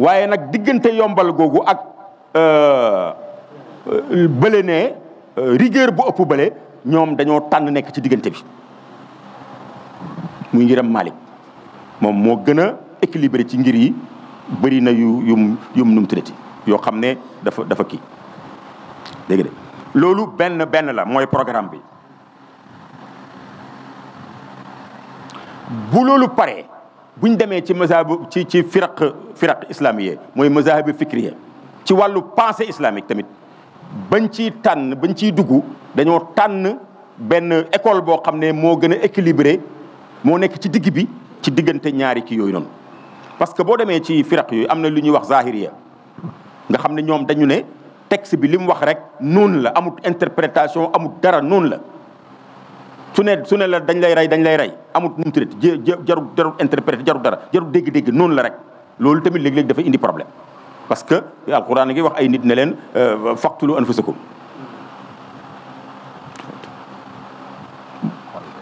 waaye nag diggante yombal googu ak euh, euh, bële ne euh, rigueur bu ëpp bële ñoom dañoo tànn nekk ci diggante bi muy njiram malik moom moo gën a équilibré ci ngir yi bëri na yu yum yum num tuddati yoo xam ne dafa dafa ki dégg de loolu benn benn la mooy programme bi bu loolu paree bu ñu demee ci mazhabu ci ci firaq firaq islamiyee mooy mazhabu fikriye ci wàllu pensée islamique tamit bañ ciy tànn bañ ciy dugg dañoo tànn benn école boo xam ne moo gën a équilibré moo nekk ci digg bi ci diggante ñaari kii yooyu noonu. parce que boo demee ci firaq yooyu am na lu ñuy wax zahiriya nga xam ne ñoom dañu ne texte bi li mu wax rek noonu la amut interprétation amut dara noonu la. su ne su ne la dañ lay rey dañ lay rey amut nu mu tuddati jarul jarul interprété jarul dara jarul dégg-dégg noonu la rek loolu tamit léeg-léeg dafa indi problème parce que alquran ngi wax ay nit ne leen euh, faqtulu anfusakum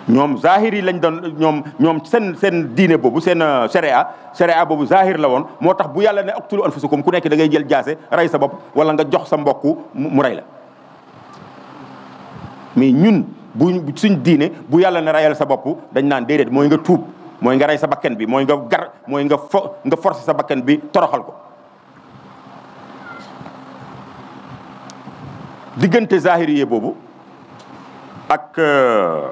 ñoom zahir yi lañ doon ñoom ñoom seen seen diine boobu seen euh, sharia sharia boobu zahir la woon moo tax bu yàlla ne aqtulu anfusakum ku nekk dangay jël jaase rey sa bopp wala nga jox sa mbokk mu rey la mais ñun bu suñ diine bu yàlla ne rayal sa bopp dañ naan déedéet mooy nga tuub mooy nga rey sa bakkan bi mooy nga gar mooy nga fo nga forcer sa bakkan bi toroxal ko diggante zahiriye boobu ak euh,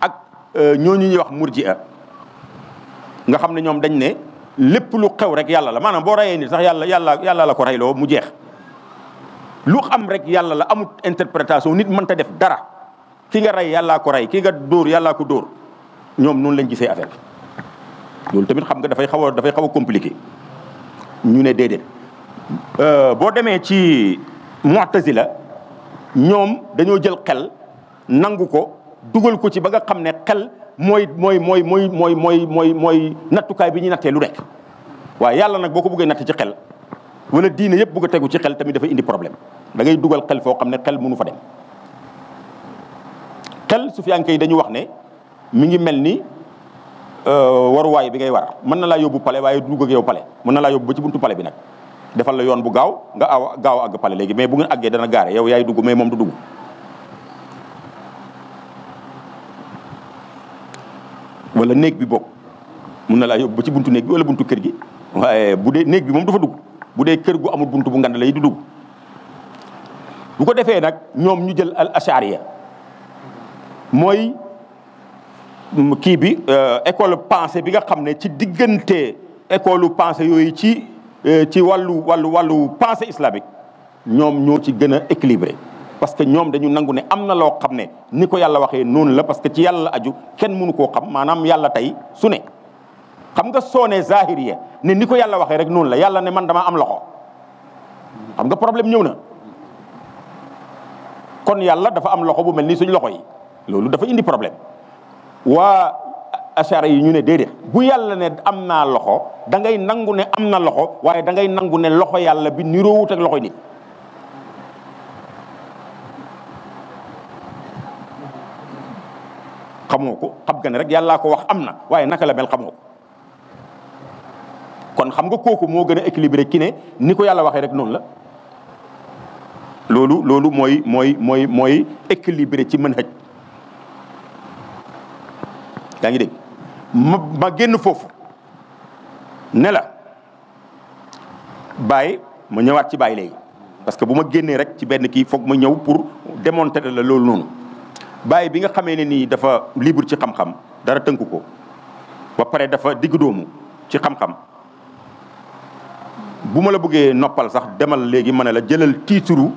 ak euh, ñooñu ñuy wax murji'a nga xam ne ñoom dañ ne lépp lu xew rek yàlla la maanaam boo rayee ni sax yàlla yàlla yàlla la ko rey loo mu jeex lu am rek yàlla la amut interprétation nit mënta def dara ki nga rey yàllaa ko rey ki nga dóor yàllaa ko dóor ñoom noonu lañ gisee affaire loolu tamit xam nga dafay xaw a dafay xaw a compliqué ñu ne déedéet euh, boo demee ci mu'tazila ñoom dañoo jël xel nangu ko dugal ko ci ba nga xam ne xel mooy mooy mooy mooy mooy mooy mooy mooy nattukaay bi ñuy nattee lu nekk waaye yàlla nag boo ko buggee natt ci xel wala diine yëpp bëgg a tegu ci xel tamit dafa indi problème da dugal xel foo xam ne xel mënu fa dem xel su fi yi dañu wax ne mi ngi mel ni euh, waruwaay bi ngay war mën na laa yóbbu pale waaye dugg ak yow pale mën na laa yóbbu ba ci buntu pale bi nag defal la yoon bu gaaw nga aw gaaw àgg pale léegi mais bu ngeen àggee dana gaare yow yaay dugg mais moom du dugg néeg bi bokk mën na laa yóbbu ci buntu néeg wala buntu kër gi waaye bu de néeg bi moom du fa dugg bu dee kër gu amul buntu bu ngand lay du dugg bu ko defee nag ñoom ñu jël al ashariya mooy kii bi euh, école pensée bi nga xam ne ci diggante école pensée yooyu ci euh, ci wàllu wàllu wàllu pensée islamique ñoom ñoo ci gën a équilibré parce que ñoom dañu nangu ne am na loo xam ne ni ko yàlla waxee noonu la parce que ci yàlla aju kenn munu koo xam maanaam yàlla tey su ne xam nga soone zahiriya ne ni ko yàlla waxee rek noonu la yàlla ne man dama am loxo xam nga problème ñëw na kon yàlla dafa am loxo bu mel ni suñ loxo yi loolu dafa indi problème waa achara yi ñu ne déedéet bu yàlla ne am naa loxo dangay nangu ne am na loxo waaye da ngay nangu ne loxo yàlla bi niroowut ak loxo nit xamoo ko ka nga ne rek yàllaa ko wax am na waaye naka la mel xamoo ko kon xam nga kooku moo gën a équilibré ki ne ni ko yàlla waxee rek noonu la loolu loolu mooy mooy mooy mooy équilibré ci mën xëj yaa ngi dégg ma génn foofu ne la bàyyi ma ñëwaat ci baay léegi parce que bu ma génnee rek ci benn kii foog ma ñëw pour démontrer la loolu noonu bàyyi bi nga xamee ne nii dafa libre ci xam-xam dara tënku ko ba pare dafa digg ci xam-xam bu ma la bëggee noppal sax demal léegi ma a la jëlal tiituru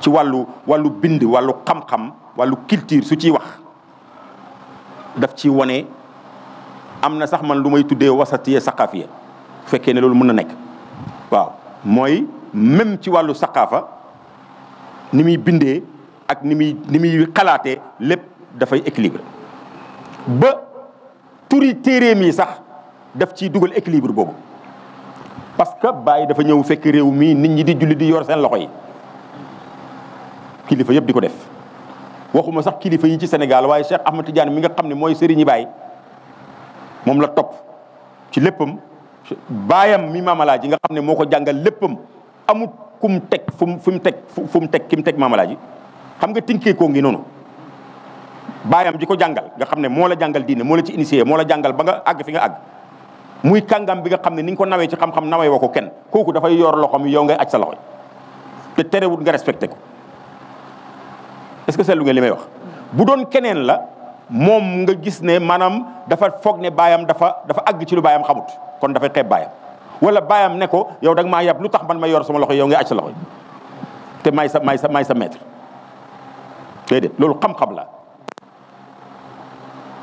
ci wàllu wàllu bind wàllu xam-xam wàllu culture su ciy wax daf ci wane am na sax man lu may tuddee wasatiye saqaafiya bu fekkee ne loolu mën na nekk waaw mooy même ci wàllu saqaafa ni muy bindee ak ni muy ni muy xalaatee lépp dafay équilibre ba turi téeréem yi sax daf ciy dugal équilibre boobu parce que bàyyi dafa ñëw fekk réew mi nit ñi di julli di yor seen loxo yi kilifa yëpp di ko def waxuma sax kilifa yi ci Sénégal waaye Cheikh Ahmed Tidiane mi nga xam ne mooy sëriñi Baye moom la topp ci léppam baayam mi maamalaaji nga xam ne moo ko jàngal léppam amut ku mu teg fu fu mu teg fu mu teg ki mu teg maamalaaji xam nga tinkee koo ngi noonu baayam ji ko jàngal nga xam ne moo la jàngal diine moo la ci initié moo la jàngal ba nga àgg fi nga àgg muy kàngam bi nga xam ne ni ko nawee ci xam-xam nawee woo ko kenn kooku dafay yor loxoom yow ngay aj sa loxo nga respecté ko que seetlu nga li may wax. bu doon keneen la moom nga gis ne maanaam dafa foog ne baayam dafa dafa àgg ci lu baayam xamut kon dafay xeeb baayam wala baayam ne ko yow danga maa lu tax man ma yor sama loxo yow ngay aj sa loxo te may sa may sa may sa maître loolu xam-xam la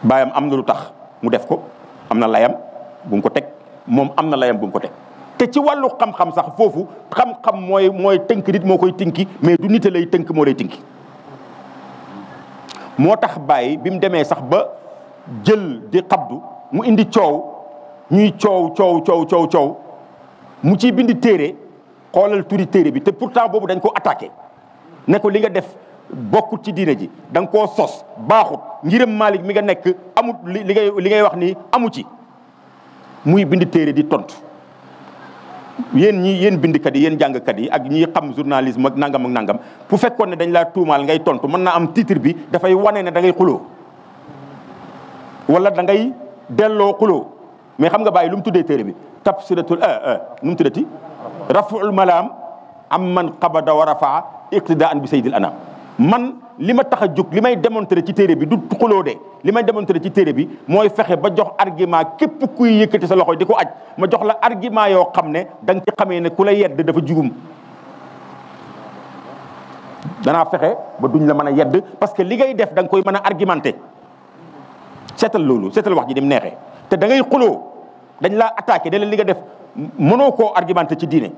baayam am na lu tax mu def ko am na layam. bu ko teg moom am na layam bu ko teg te ci wàllu xam-xam sax foofu xam-xam mooy mooy tënk moo koy tinki mais du nite lay tënk moo lay tinki moo tax bàyyi bi mu demee sax ba jël di xabdu mu indi coow ñuy coow coow coow coow coow mu ciy bind téere xoolal turi téere bi te pourtant boobu dañ ko attaqué ne ko li nga def bokkut ci diine ji dang ko sos baaxut ngiram Malick mi nga nekk amut li ngay li ngay wax ni amu ci muy bind téere di tontu yéen ñi yéen bindkat yi yéen jàngkat yi ak ñi xam journalisme ak nangam nangam bu fekkoon ne dañ laa tuumaal ngay tontu mën na am titre bi dafay wane ne da ngay xuloo wala da ngay delloo xuloo mais xam nga bàyyi lu mu tuddee téere bi tafsiratul euh, euh, nu mu tuddati rafuul malaam am man qabada wa rafaa iqtidaan bi sayyidil anam li ma tax a jóg li may démontrer ci téere bi du xuloo de limay may démontrer ci téere bi mooy fexe ba jox argument képp kuy yëkkati sa loxo di ko aj ma jox la argument yoo xam ne da nga ci xamee ne ku la yedd dafa jugum fexe ba duñ la mën a yedd parce que li ngay def da nga koy mën a argumenté seetal loolu seetal wax ji ni mu te da ngay xuloo dañ laa attaqué de leen li nga def mënoo ko argumenté ci diine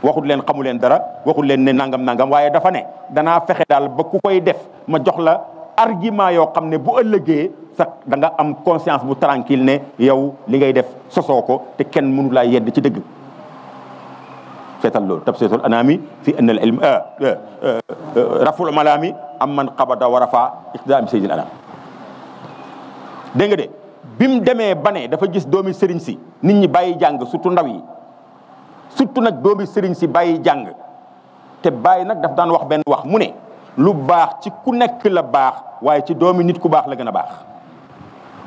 waxul len xamul len dara waxul len ne nangam nangam waye dafa ne dana fexe dal ba ku koy def ma jox la argument yo xamne bu ëllëgé sax da nga am conscience bu tranquille ne yow li ngay def sosoo ko te ken mënu la yedd ci dëgg fetal loolu tabsitul anami fi anna al ilm a raful malami am man qabada wa rafa iqdaam sayyidil anam dégg nga de bim deme bané dafa gis doomi sëriñ si nit ñi bàyyi jàng surtout ndaw yi surtout nag doomi sëriñ si bàyyi jàng te bàyyi nag daf daan wax benn wax mu ne lu baax ci ku nekk la baax waaye ci doomi nit ku baax la gën a baax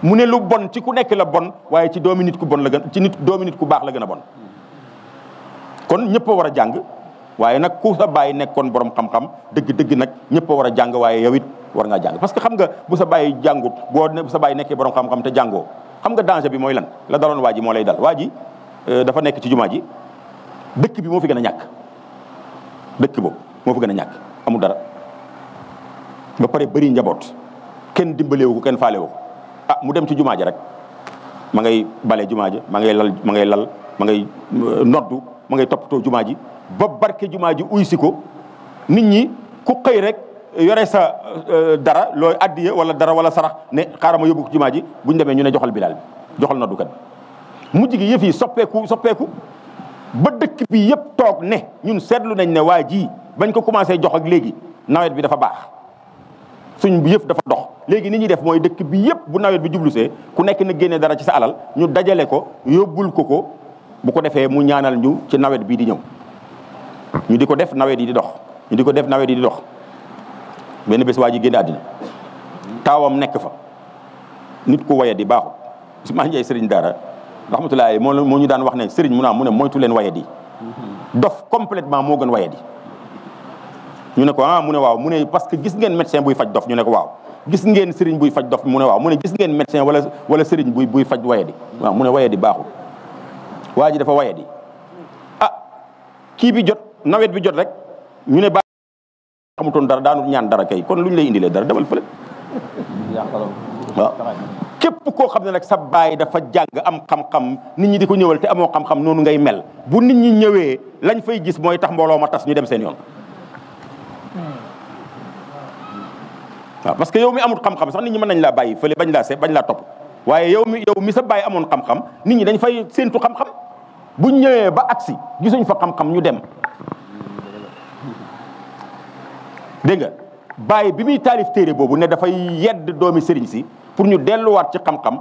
mu ne lu bon ci ku nekk la bon waaye ci doomi nit ku bon la gën ci nit doomi nit ku baax la gën a bon kon ñëpp war a jàng waaye nag ku sa bàyyi nekkoon borom xam-xam dëgg-dëgg nag ñëpp war a jàng waaye yow it war ngaa jàng parce que xam nga bu sa bàyyi jàngut boo bu sa bàyyi nekkee borom xam-xam te jàngoo xam nga danger bi mooy lan la daloon waa ji moo lay dal waa ji euh, dafa nekk ci jumaa ji dëkk bi moo fi gën a ñàkk dëkk boobu moo ñàkk amul dara ba pare bari njaboot kenn dimbalewu ko kenn faalewu ko ah, mu dem ci jumaa ja rek ma ngay bale jumaa ja ma ngay lal ma ngay lal ma ngay euh, noddu ma ngay toppatoo jumaa ji ba barke jumaa ji uy si ko nit ñi ku xëy rek yore sa euh, euh, dara looy addiye wala dara wala sarax ne xaaral ma yóbbu ko jumaa ji bu ñu demee ñu ne joxal bilaal bi joxal noddukat bi mujj gi yëf soppeeku soppeeku ba dëkk bi yëpp toog ne ñun seetlu nañ ne waa ji bañ ko commencé jox ak léegi nawet bi dafa baax suñ bu yëf dafa dox léegi ni ñuy def mooy dëkk bi yëpp bu nawet bi jublu see ku nekk na génne dara ci sa alal ñu dajale ko yóbbul ko ko bu ko defee mu ñaanal ñu ci nawet bii di ñëw ñu di ko def nawet yi di dox ñu di ko def nawet yi dox benn bés waa ji génn àddina taawam nekk fa nit ku waya di baaxut Ousmane Ndiaye sëriñ dara rahmatullahi moo moo ñu daan wax ne sëriñ mu naa mu ne moytu leen wayadi dof complètement moo gën wayadi ñu ne ko ah mu ne waaw mu ne parce que gis ngeen médecin buy faj dof ñu ne ko waaw gis ngeen sëriñ buy faj dof mu ne waaw mu ne gis ngeen médecin wala wala sëriñ buy buy faj wayadi waaw mu e wayadi baaxul waa ji dafa wayadi ah kii bi jot nawet bi jot rek ñu ne ba xamutoon dara daanut ñaan dara kay kon lu ñu lay indilee dara demal fële képp koo xam ne nag sa baay dafa jàng am xam-xam nit ñi di ko ñëwal te amoon xam-xam noonu ngay mel bu nit ñi ñëwee lañ fay gis mooy tax mbooloo ma tas ñu dem seen yoon. Hmm. parce que yow mi amut xam-xam sax nit ñi mën nañ laa bàyyi fële bañ laa bañ laa topp waaye yow mi yow mi sa baay amoon xam-xam nit ñi dañ fay séentu xam-xam buñ ñëwee ba aksi gisuñ fa xam-xam ñu dem. dégg nga baay bi muy taalif téere boobu ne dafay yedd doomi sëriñ si. pour ñu déllu delluwaat ci xam-xam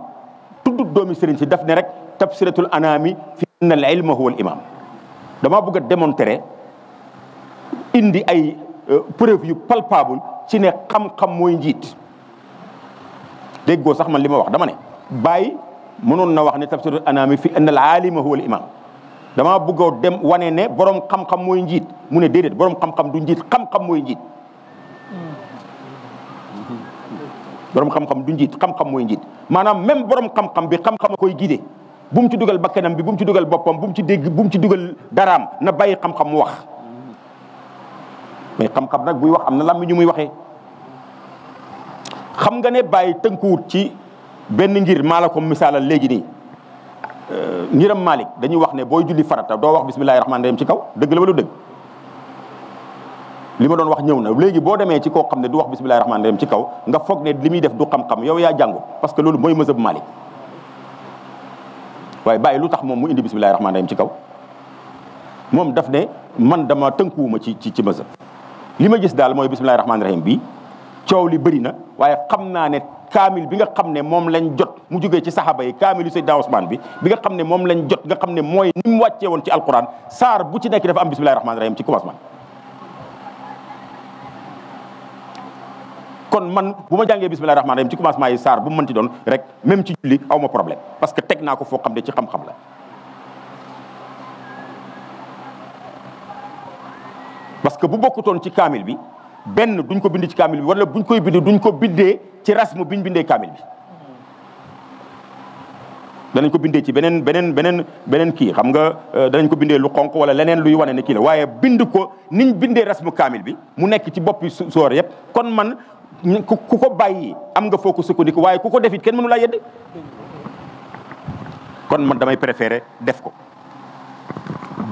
tudd doomi sëriñ si daf ne rek tafsiratul anami fi inna al ilma huwa al imam dama bëgg a démontrer indi ay preuve yu palpable ci ne xam-xam mooy njiit déggoo sax man li ma wax dama ne bàyyi mënoon na wax ne tafsiratul anami fi inna al alima huwa al imam dama bëgg dem wane ne borom xam-xam mooy njiit mu ne déedéet borom xam-xam du njiit xam-xam mooy njiit borom xam-xam du njiit xam-xam mooy njiit maanaam même borom xam-xam bi xam-xam a koy giide bu mu ci dugal bakkanam bi bu mu ci dugal boppam bu mu ci dégg bu mu ci dugal daraam na bàyyi xam-xam mu wax mais xam-xam nag buy wax am na làmmiñ ñu muy waxee xam nga ne bàyyi tënkuwut ci benn ngir maa la ko misaalal léegi nii euh, ngiram Malik dañuy wax ne booy julli farata doo wax bismillahi rahmaani rahim ci kaw dëgg la walu dëgg lima ma doon wax ñëw na léegi boo demee ci koo xam ne du wax bismillahi rahmaani rahim ci kaw nga foog ne li def du xam-xam yow ya jàngut parce que loolu mooy mazhab Malik waaye bàyyi lu tax moom mu indi bismillahi rahmaani rahim ci kaw mom daf ne man dama ma ci ci ci mazhab lima ma gis daal mooy bismillahi rahmaani rahim bi coow li bëri na waaye xam naa ne kaamil bi nga xamne mom lañ jot mu joge ci sahaba yi kamil yu Seydina usman bi bi nga xamne mom lañ jot nga xamne moy nim wacce won ci alquran sar bu ci nek dafa am bismillahir rahmanir rahim ci commencement kon man bu ma jàngee bismillahi rahmaani ci commencement yi saar bu mu rek même ci julli aw ma problème parce que teg naa ko foo xam ne ci xam-xam la parce que bu bokkutoon ci kaamil bi benn duñ ko bind ci kaamil bi wala buñ koy bind duñ ko bindee ci rasmu biñ bindee kaamil bi danañ ko bindee ci beneen beneen beneen beneen kii xam nga euh, danañ ko bindee lu xonq wala leneen luy wane na kii waaye bind ko niñ bindee rasmu kaamil bi mu nekk ci boppi soor yëpp kon man ku ko bàyyi am nga foo ko sukkandiku waaye ku ko def it kenn mënu laa yedd kon man damay préféré def ko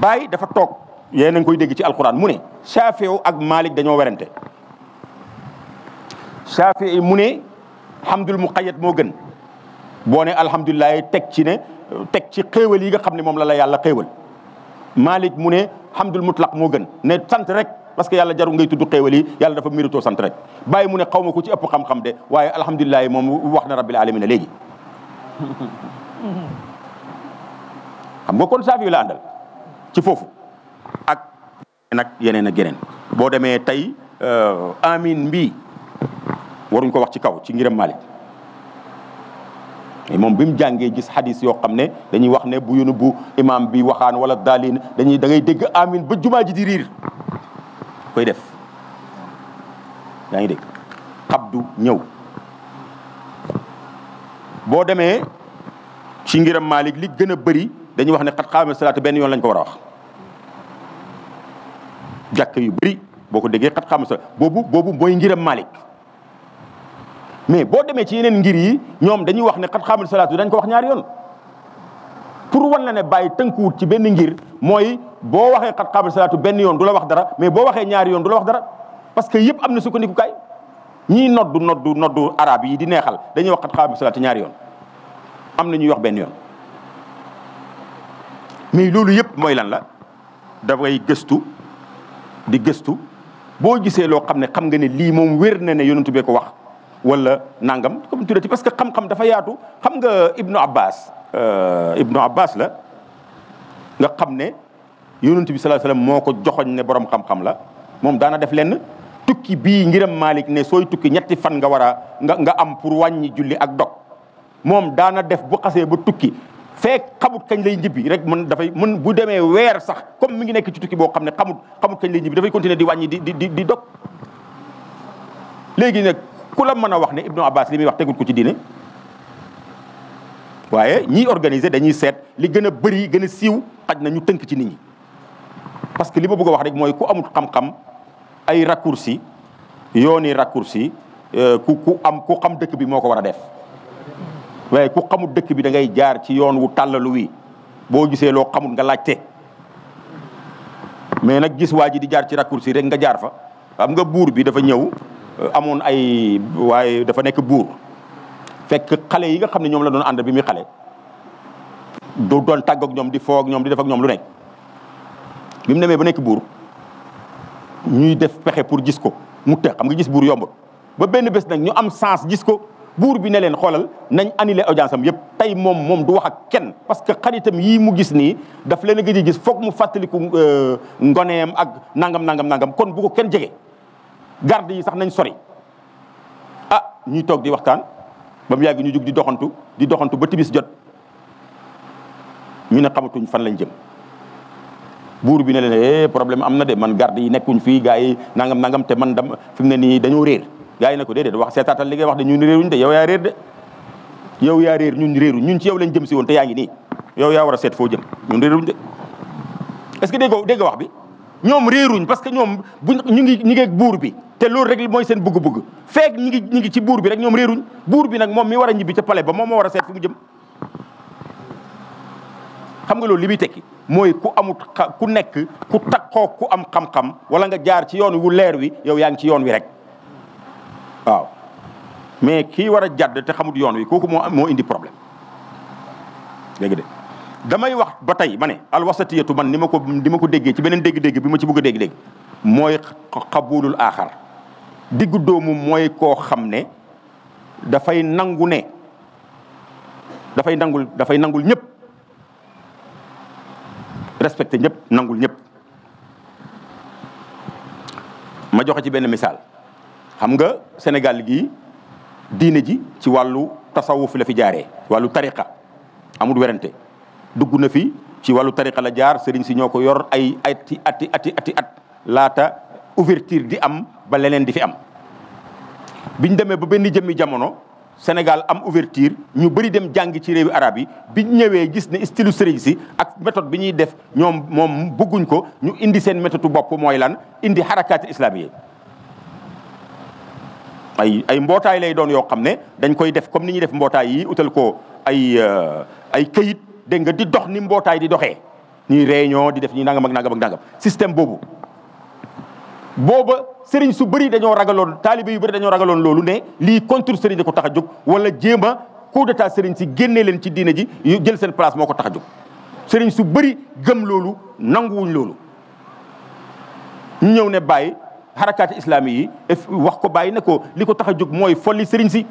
baay dafa toog yéen a ngi koy dégg ci alxuraan mu ne Shaafi'u ak Maalik dañoo werante Shaafi'i mu ne hamdul muqayyad moo gën boo ne alhamdulilah teg ci ne teg ci xéewal yi nga xam ne moom la la yàlla xéewal Maalik mu ne hamdul mutlaq moo gën ne sant rek parce que yàlla jaru ngay tudd xéewal yi yàlla dafa méritoo sant rek bàyyi mu ne xaw ma ku ci ëpp xam-xam de waaye alhamdulilah moom wax na rabbil alamin léegi xam nga kon saafi la àndal ci foofu ak nag yeneen ak yeneen boo demee tey euh, amin mbii waruñ ko wax ci kaw ci ngiram Malik mais moom bi mu jàngee gis xadis yoo xam ne dañuy wax ne bu yunu bu imam bi waxaan wala daalin dañuy da ngay dégg amin ba jumaa ji di riir koy def yaa ngi dégg Abdou ñëw boo demee ci ngiram Malick li gën a bëri dañuy wax ne xat xaama salaatu benn yoon lañ ko war a wax jàkk yu bëri boo ko déggee xat xaama salaatu boobu boobu mooy ngiram Malick mais boo demee ci yeneen ngir yi ñoom dañuy wax ne xat xaama salaatu dañ ko wax ñaari yoon pour wan la ne bàyyi tënkuwut ci benn ngir mooy boo waxee xat xaabal salaatu benn yoon du la wax dara mais boo waxee ñaari yoon du la wax dara parce que yëpp am na sukkandikukaay ñii noddu noddu noddu arab yi di neexal dañuy wax xat xaabal salaatu ñaari yoon am na ñuy wax benn yoon mais loolu yëpp mooy lan la dafay gëstu di gëstu boo gisee loo xam ne xam nga ne lii moom wér na ne yonentu bee ko wax wala nangam comme parce que xam-xam dafa yaatu xam nga Ibnu Abbas Euh, Ibnu Abbas la nga xam ne yonent bi sallallahu alayhi wasallam moo ko joxoñ ne borom xam-xam la moom daana def lenn tukki bii ngiram Malik ne sooy tukki ñetti fan nga war a nga nga am pour wàññi julli ak dog moom daana def bu xasee ba tukki feek xamut kañ lay njibbi rek mën dafay mën bu demee weer sax comme mi ngi nekk ci tukki boo xam ne xamut xamut kañ lay njibbi dafay continuer di wàññi di di di dog léegi nag ku la mën a wax ne Ibnu Abbas li muy wax tegul ko ci diine waaye ñiy organiser dañuy seet li gën a bëri gën a siiw xaj na ñu tënk ci ni ñi parce que li ma bëgg a wax rek mooy ku amul xam-xam ay raccourci yooni raccourci euh, ku ku am ku xam dëkk bi moo ko war a def waaye ku xamul dëkk bi da ngay jaar ci yoon wu tàllalu wi boo gisee loo xamul nga laajte mais nag gis waa ji di jaar ci raccourci rek nga jaar fa xam nga buur bi dafa ñëw euh, amoon ay waaye dafa nekk buur fekk xale yi nga xam ne ñoom la doon ànd bi muy xale du doon tàgg ñoom di foog ñoom di def ak ñoom lu nekk bi mu demee ba nekk buur ñuy def pexe pour gis ko mu tëx xam nga gis buur yomb ba benn bés nag ñu am sens gis ko buur bi ne leen xoolal nañ annulé audience am yëpp tey moom moom du wax ak kenn parce que xaritam yii mu gis nii daf leen a gëj a gis foog mu fàttaliku euh, ngoneem ak nangam nangam nangam kon bu ko kenn jege garde yi sax nañ sori ah ñuy toog di waxtaan. bam mu ñu jug di doxantu di doxantu ba tibis jot ñu ne xamatuñ fan lañ jëm buur bi ne leen eh problème amna de man garde yi nekkuñ fi gaay yi nangam nangam te man dam fi ne ni dañu reer gaay yi ne ko de wax seetaatal li ngay wax de ñu reeruñ de yow ya reer de yow ya reer ñun reeru ñun ci yow lañ jëm si won te yaangi ni yow ya wara a fo jëm ñun reeruñ de est ce que dégg wax bi ñoom réeruñ parce que ñoom bu ñu ngi ñu buur bi te loolu rek mooy seen bëgg bugg feek ñu ngi ñu ngi ci buur bi rek ñoom réeruñ buur bi nag moom mi war a ñibbi ca palais ba moom moo war a seet fu mu jëm xam nga loolu li muy tekki mooy ku amut ku nekk ku takkoo ku am xam-xam wala nga jaar ci yoon wu leer wi yow yaa ngi ci yoon wi rek waaw mais ki war a jàdd te xamut yoon wi kooku moo moo indi problème dégg damay wax ba tey ma ne alwasatiyatu man ni ma ko ni ma ko déggee ci beneen dégg-dégg bi ma ci bëgg a dégg-dégg mooy xabulul aaxar diggu doomu mooy koo xam ne dafay nangu ne dafay nangul dafay nangul ñëpp respecté ñëpp nangul ñëpp ma joxe ci benn misaal xam nga Sénégal gi diine ji ci wàllu tasawuf la fi jaaree wàllu tariqa amul werante dugg na fi ci wàllu tariqa la jaar sëriñ si ñoo ko yor ay ati ati ati ati at laata ouverture di am ba leneen di fi am biñ demee ba benn jëmmi jamono Sénégal am ouverture ñu bëri dem jàng ci réew arab yi biñ ñëwee gis ne stylu sëriñ si ak méthode bi ñuy def ñoom moom bëgguñ ko ñu indi seen méthode bopp mooy lan indi harakaati islamiye ay ay mbootaay lay doon yoo xam ne dañ koy def comme ni ñuy def mbootaay yi utal ko ay euh, ay këyit dégg nga di dox ni mbootaay di doxee ñuy réunion di def ñuy nangam ak nangam ak nangam système boobu. booba sëriñ su bëri dañoo ragaloon taalibe yu bëri dañoo ragaloon loolu ne lii contre sëriñ ko tax a jóg wala jéem a coup sëriñ si génnee leen ci diine ji yu jël seen place moo ko tax a jóg. sëriñ su bëri gëm loolu nanguwuñ loolu ñu ñëw ne bàyyi xarakaati islami yi wax ko bàyyi ne ko li ko tax a jóg mooy folli seriñ si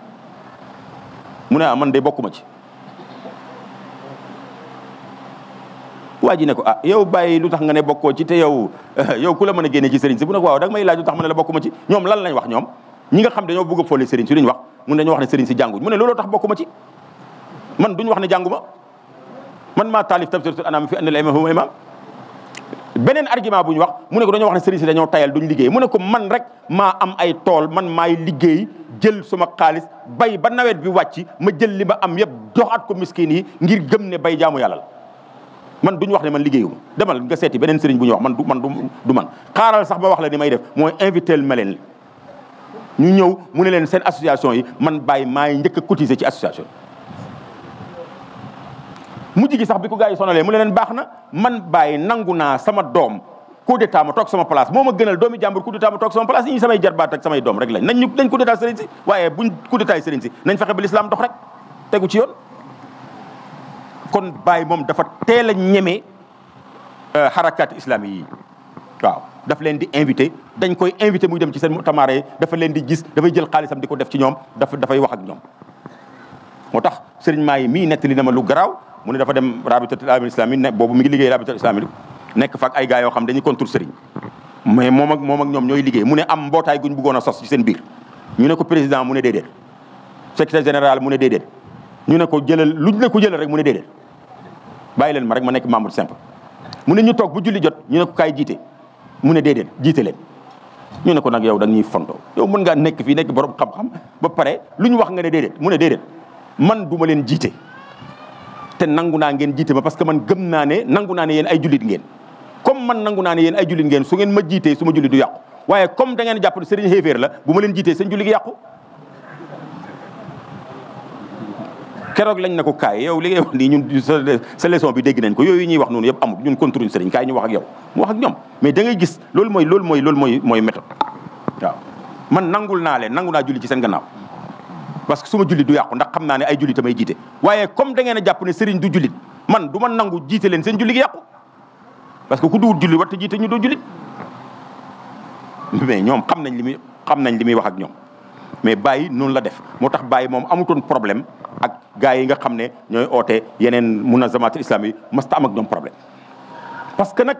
mun ne ah man de bokkuma ci. waa ji ne ko ah yow bàyyi lu tax nga ne bokkoo ci te yow *laughs* yow ku la mën a génne ci sëriñ si bu ne ko waaw da may laaj lu tax ma la bokkuma ci ñoom lan lañ wax ñoom ñi xam dañoo bëgg a foole sëriñ si duñ wax mun dañoo wax ne sëriñ si jànguñ mu ne looloo tax bokkuma ci man duñ wax ne jànguma man maa taalif tam anam fi anna al-imam huwa imam beneen argument bu ñu wax mu ne ko dañoo wax ne sëriñ si dañoo tayal duñ liggéey mu ne ko man rek maa am ay tool man maay liggéey jël suma xaalis bay ba nawet bi wàcc ma jël li ma am yëpp joxaat ko miskin yi ngir gëm ne bay jaamu yàlla man duñu wax ne man liggéeyuma demal nga seeti beneen sëriñ bu ñu wax man du man xaaral sax ba wax la ni may def mooy invitéel ma leen ñu ñëw mu ne leen seen association yi man bàyyi maay njëkk a cotiser ci association mujj gi sax bi ko gars yi sonalee mu ne leen baax na man bàyyi nangu naa sama doom coup d'état toog sama place moo ma gënal doomi jàmbur coup d'état ma toog sama place ñi samay jarbaat ak samay doom rek lañ nañ ñu nañ coup d'état sëriñ si waaye buñ coup d'état sëriñ kon Baye mom dafa téla ñëmé euh xarakaat islami yi waaw daf leen di invité dañ koy invité muy dem ci seen mutamaré dafa leen di gis dafay jël xaalisam diko def ci ñom dafa dafay wax ak ñom motax tax sëriñ mi yi li dama lu graw mu ne dafa dem rabitatul alamin islami ne boobu mi ngi liggéey rabitatul islami nekk fa ak ay gaay yo xam dañuy contre sëriñ mais mom ak moom ak ñoom ñooy liggéey mu ne am mbotay guñ bëggoon a sos ci seen biir ñu ne ko président mu ne déedéet secrétaire général mu ne déedéet ñu ne ko jëlal luñ ne ko jëlal rek mu ne déedéet bàyyi leen ma rek ma nekk membre simple mu ne ñu toog bu julli jot ñu ne ko kaay jiite mu ne déedéet jiite leen ñu ne ko nag yow da ñuy fontoo yow mën ngaa nekk fii nekk borom xam-xam ba pare lu ñu wax nga ne déedéet mu ne déedéet man bu ma leen jiite te nangu naa ngeen jiite ma parce que man gëm naa ne nangu naa ne yéen ay jullit ngeen comme man nangu naa ne yéen ay jullit ngeen su ngeen ma jiitee su julli du yàqu waaye comme da ngeen jàpp ne sëriñ xéeféer la bu ma leen jiitee seen julli gi yàqu keroog lañ na ku kaay yow li ngay wax ñun sa bi dégg nañ ko yooyu ñuy wax noonu yëpp amul ñun contrôle sëriñ kaay ñu yow mu wax ak ñoom mais da ngay gis loolu mooy lool mooy loolu mooy mooy man nangul naa leen nangu naa julli ci seen gannaaw parce que su ma julli du yàqu ndax xam naa ne ay julli tamay jiite waaye comme da ngeen a jàpp ne sëriñ du julit man du man nangu jiite leen seen julli gi yàqu parce que ku duwul julli war jiite ñu doo jullit mais ñoom xam nañ li muy xam nañ li muy wax ak ñoom mais bàyyi noonu la def moo tax bàyyi moom amutoon problème ak gars yi nga xam ne ñooy oote yeneen munazamatul islam yi masta am ak ñoom problème parce que nag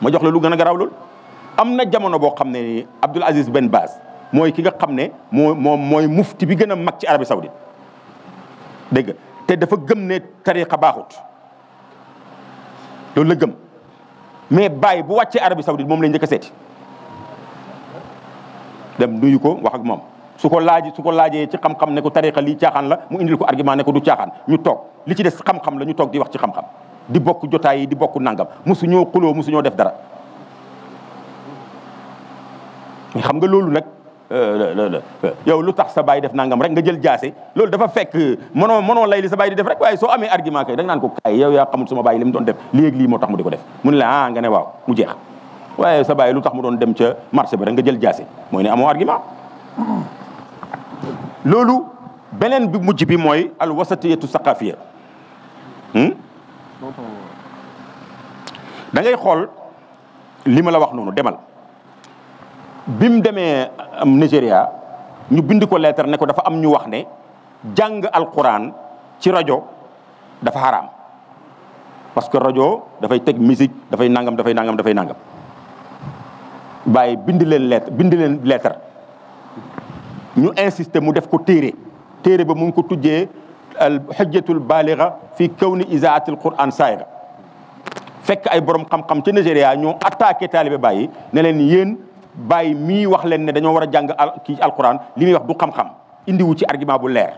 ma jox la lu gën na garaw loolu am na jamono boo xam ne Abdoul Aziz Ben Baz mooy ki nga xam ne moo moom mooy mufti bi gën a mag ci Arabie de dégg te dafa gëm ne tariqa baaxut loolu la gëm mais bàyyi bu wàccee Arabie Saoudite moom lañ jëkk a seeti dem nuyu ko wax ak moom su ko laaj su ko laajee ci xam-xam ne ko tarixa lii caaxaan la mu indil ko argument ne ko du caaxaan ñu toog li ci des xam-xam la ñu toog di wax ci xam-xam di bokku jotaay di bokk nangam mosu ñoo xuloo mosu ñoo def dara xam nga loolu nag euh, yow lu tax sa baay def nangam rek nga jël jaase loolu dafa fekk mënoo mënoo lay li sa baay di def rek waaye soo amee argument kay da nga naan ko kaay yow ya xamul suma baay li mu doon def léegi lii moo tax mu di ko def mu la ah mu jeex waaye sa bàyyi lu tax mu doon dem ca marché ba rek nga jël jaase mooy ne amoo argument loolu beneen bi mujj bi mooy al wasatiyatu saqafiya hmm? da ngay xool li ma la wax noonu demal bi mu demee Nigéria ñu bind ko lettre ne ko dafa am ñu wax ne jàng alquran ci rajo dafa xaraam parce que rajo dafay teg musique dafay nangam dafay nangam dafay nangam bàyyi bind leen lettre leen lettre ñu insister mu def ko téere téere ba mu ngi ko tujjee al xujjatul baaliga fi kawni izaatil quran saayira fekk ay boroom xam-xam ci Nigéria ñoo attaqué taalibe bàyyi ne leen yéen bàyyi mii wax leen ne dañoo war a jàng al kii alquran li muy wax du xam-xam indiwu ci argiment bu leer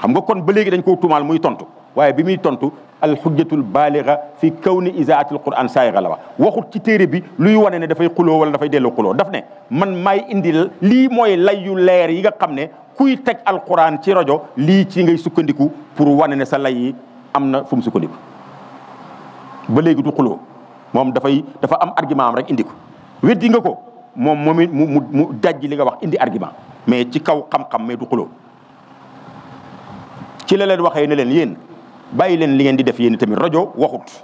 xam nga kon ba léegi dañ ko tuumaal muy tontu waaye bi muy tontu alxujjatul baaliga fi kawni izaatil quran saay xalawa waxut ci téere bi luy wane ne dafay xuloo wala dafay delloo xuloo daf ne man maay indi lii mooy lay yu leer yi nga xam ne kuy teg alquran ci rajo lii ci ngay sukkandiku pour wane ne sa lay yi am na fu mu sukkandiku ba léegi du xuloo moom dafay dafa am argument am rek indi ko weddi nga ko moom moom it mu mu mu daj li nga wax indi argument mais ci kaw xam-xam mais du xuloo ci la leen waxee ne leen yéen bàyyi leen li ngeen di def yéen tamit rajo waxut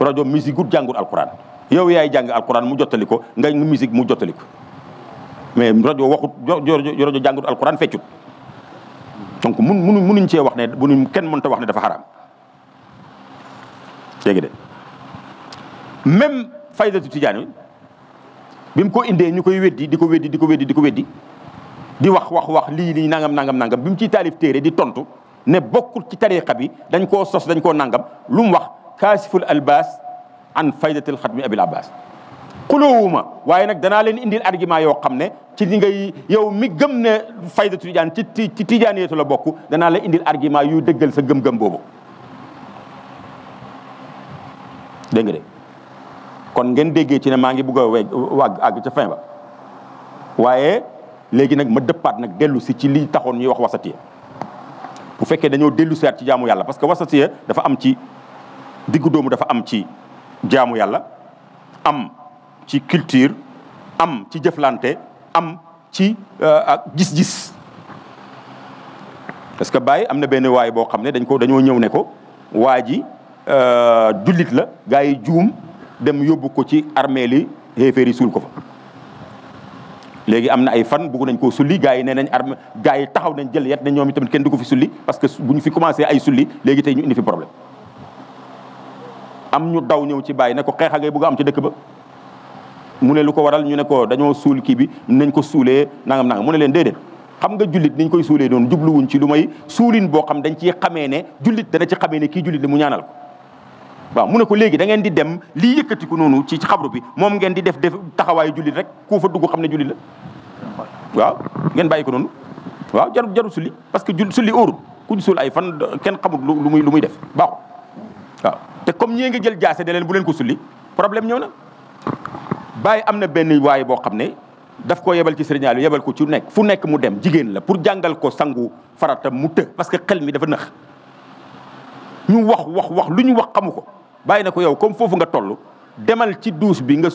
rajo musique gut jàngut alquran yow yaay jàng alquran mu jottali ko nga musique mu jottali ko mais rajo waxut rajo jàngut alquran feccut donc mu munu nuñ cee wax ne nuñ kenn mënta wax ne dafa xaraam dégg de même faydatu tijaan bi mu ko indee ñu koy weddi di ko weddi di ko weddi di ko weddi di wax wax wax lii lii nangam nangam nangam bi mu ciy taalif téere di tontu ne bokkul ci tariqa bi dañ koo sos dañ koo nangam lu mu wax kaasiful albas an faydatil xatmi abil abbas xuloowuma waaye nag danaa leen indil argument yoo xam ne ci li ngay yow mi gëm ne faydatu tijaan ci ci tijaaniyeetu la bokk danaa la indil argument yu dëggal sa gëm-gëm boobu dégg de kon ngeen déggee ci ne maa ngi bugg a wàgg àgg ca fin waaye léegi nag ma dëppaat nag dellu si ci li taxoon ñuy wax wasatiya bu fekkee dañoo dellu siwaat ci jaamu yàlla parce que wasatiya dafa am ci diggu doomu dafa am ci jaamu yàlla am ci culture am ci jëflante am ci euh, ak gis-gis parce que Baye am na benn waay boo xam ne dañ ko dañoo ñëw ne ko waa ji euh, jullit la gars yi juum dem yóbbu ko ci armée li yi suul ko fa léegi am na ay fan bugg nañ ko sulli gars yi nee nañ arme gars yi taxaw nañ jël yet ne ñoom itamit kenn du ko fi sulli parce que bu ñu fi commencé ay sulli léegi tey ñu indi fi problème am ñu daw ñëw ci bàyyi ne ko xeex a ngay bugg am ci dëkk ba mu ne lu ko waral ñu ne ko dañoo suul kii bi nañ ko suulee nangam nangam mu ne leen déedéet xam nga jullit niñ koy suulee noonu jubluwuñ ci lu may suulin boo xam dañ ci xamee ne jullit dana ci xamee ne kii jullit mu ñaanal ko waaw mu ne ko léegi da ngeen di dem lii yëkkatiku noonu ci xabru bi moom ngeen di def def taxawaayu jullit rek ku fa xam ne jullit la waaw ngeen bàyyi ko noonu waaw jaru jaru sulli parce que jul sulli óorul ku sul ay fan kenn xamul lu muy lu muy def baaxul waaw te comme ñee ngi jël jaase ne bu leen ko sulli problème ñëw na bàyyi am na benn waaye boo xam ne daf ko yebal ci sëriñ yebal ko ci nekk fu nekk mu dem jigéen la pour jàngal ko sangu farata mu të parce que xel mi dafa nëx ñu wax wax wax lu ñu wax xamu ko bayina na ko yow comme fofu nga tollu demal ci douche bi nga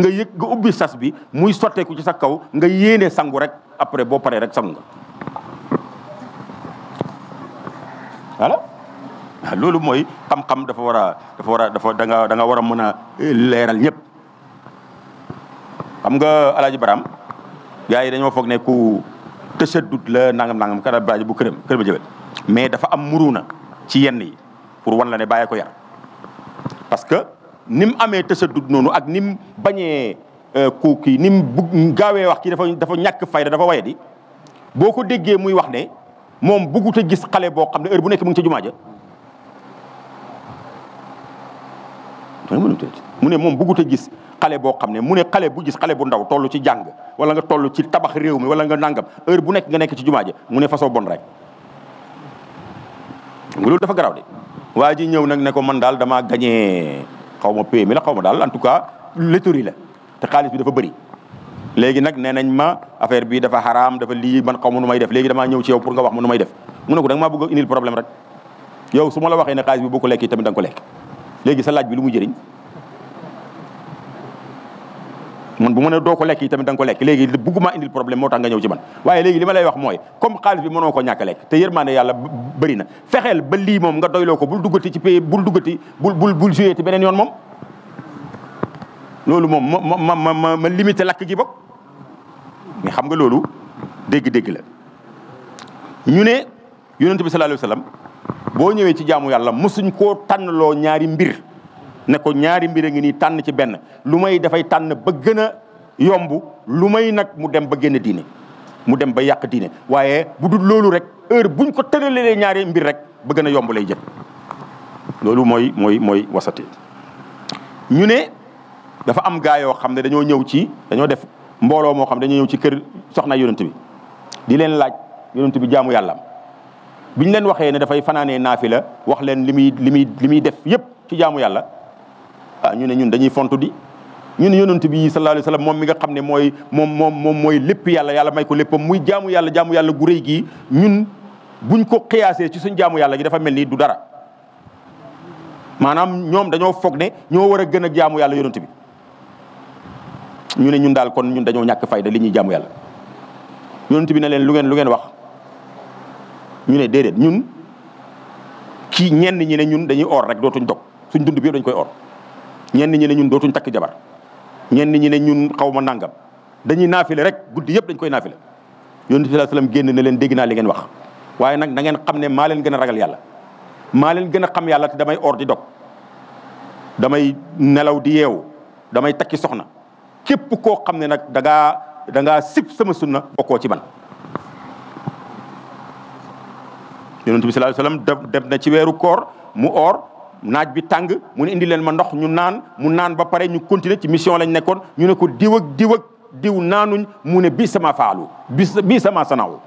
nga yek nga ubbi sas bi muy sotteeku ci sa kaw nga yéene sangu rek après bo paré rek sangu nga voilà ah, loolu mooy xam-xam dafa wara dafa wara dafa da nga da nga wara a mën eh, ñep xam nga baram gaay yi ne ku la nangam nangam kara baaji bu kërëm kërëm ba mais dafa am muruna ci yenn yi pour wan la ne baye ko yar parce que ni mu amee tësadud noonu ak ni mu bañee euh, ku kii ni mu bugg gaawee wax kii dafa dafa ñàkk fayda dafa waye di boo ko déggee muy wax ne moom buggut a gis xale boo xam ne heure bu nekk mu ngi ca mu ne moom buggut a gis xale boo xam ne mu ne xale bu gis xale bu ndaw toll ci jàng wala nga toll ci tabax réew mi wala nga nangam heure bu nekk nga nekk ci jumaa ja mu ne façon bon rek loolu dafa garaw de waa ji ñëw nag ne ko man daal damaa gagné xaw ma PMI la xaw ma daal en tout cas loterie la te xaalis bi dafa bëri. léegi nag nee nañ ma affaire bi dafa xaraam dafa lii man xaw ma nu may def léegi damaa ñëw ci yow pour nga wax ma nu may def mu ne ko da nga maa bëgg a indil problème rek yow su ma la waxee ne xaalis bi boo ko lekk tamit a nga ko lekk léegi sa laaj bi lu muy jëriñ man bu ma ne doo ko lekk tamit dang ko lekk legui bugguma indi problème moo nga ñew ci man waye legui li lay wax moy comme xaalis bi mëno ko ñàkk lekk te yermane yalla bari na fexel ba li mom nga doylo ko bul duggati ci pay bul duggati bul bul bul jouer ci benen yoon mom lolu mom ma ma ma ma ma limité lakk gi bok mais xam nga lolu deg deg la ñu ne yonent bi sallallahu alayhi wasallam bo ñewé ci jaamu yalla musuñ ko tan lo ñaari mbir ne ko ñaari mbir a ngi nii tànn ci benn lu may dafay tànn ba gën a yomb lu may nag mu dem ba génn diine mu dem ba yàq diine waaye bu dul loolu rek heure buñ ko tëralee ñaari mbir rek ba gën a yomb lay jëm loolu mooy mooy mooy wasati ñu ne dafa am gaa yoo xam ne dañoo ñëw ci dañoo def mbooloo moo xam dañoo ñëw ci kër soxna yonent bi di leen laaj yonent bi jaamu yàllaam biñ leen waxee ne dafay fanaanee naafi la wax leen li muy li muy li muy def yëpp ci jaamu yàlla ah ñu ne ñun dañuy fontu di ñu ne bi sallallahu alayhi wa sallam moom mi nga xam ne mooy moom moom moom mooy lépp yàlla yàlla léppam muy jaamu yàlla yàlla gu rëy gii ñun buñ ko xiyaasee ci suñ jaamu yàlla dafa mel ni du dara maanaam ñoom dañoo foog ne ñoo war a gën a jaamu yàlla yonent bi ñu ne ñun daal kon ñun dañoo ñàkk fayda li ñuy jaamu yàlla yonent bi ne leen lu ngeen lu ngeen wax ñu ne déedéet ñun kii ñenn ñi ne ñun dañuy oor rek dootuñ dog suñ dund bi dañ koy or ñenn ñi ne ñun dootuñ takk jabar ñenn ñi ne ñun xaw ma nangam dañuy naafile rek guddi yëpp dañ koy naafile yonent bi sallam génn na leen dégg naa ngeen wax waaye nag na ngeen xam ne maa leen gën a ragal yàlla maa leen gën a xam yàlla te damay or di dog damay nelaw di yeewu damay takki soxna képp koo xam ne nag da ngaa da sama sunna bokkoo ci man yonent bi sallam dem na ci weeru koor mu or naaj bi tàng mu ne indi leen ma ndox ñu naan mu naan ba pare ñu continuer ci mission lañ nekkoon ñu ne ko diw ak diw diw naanuñ mu ne bii sama faalu bi bii sama sanaaw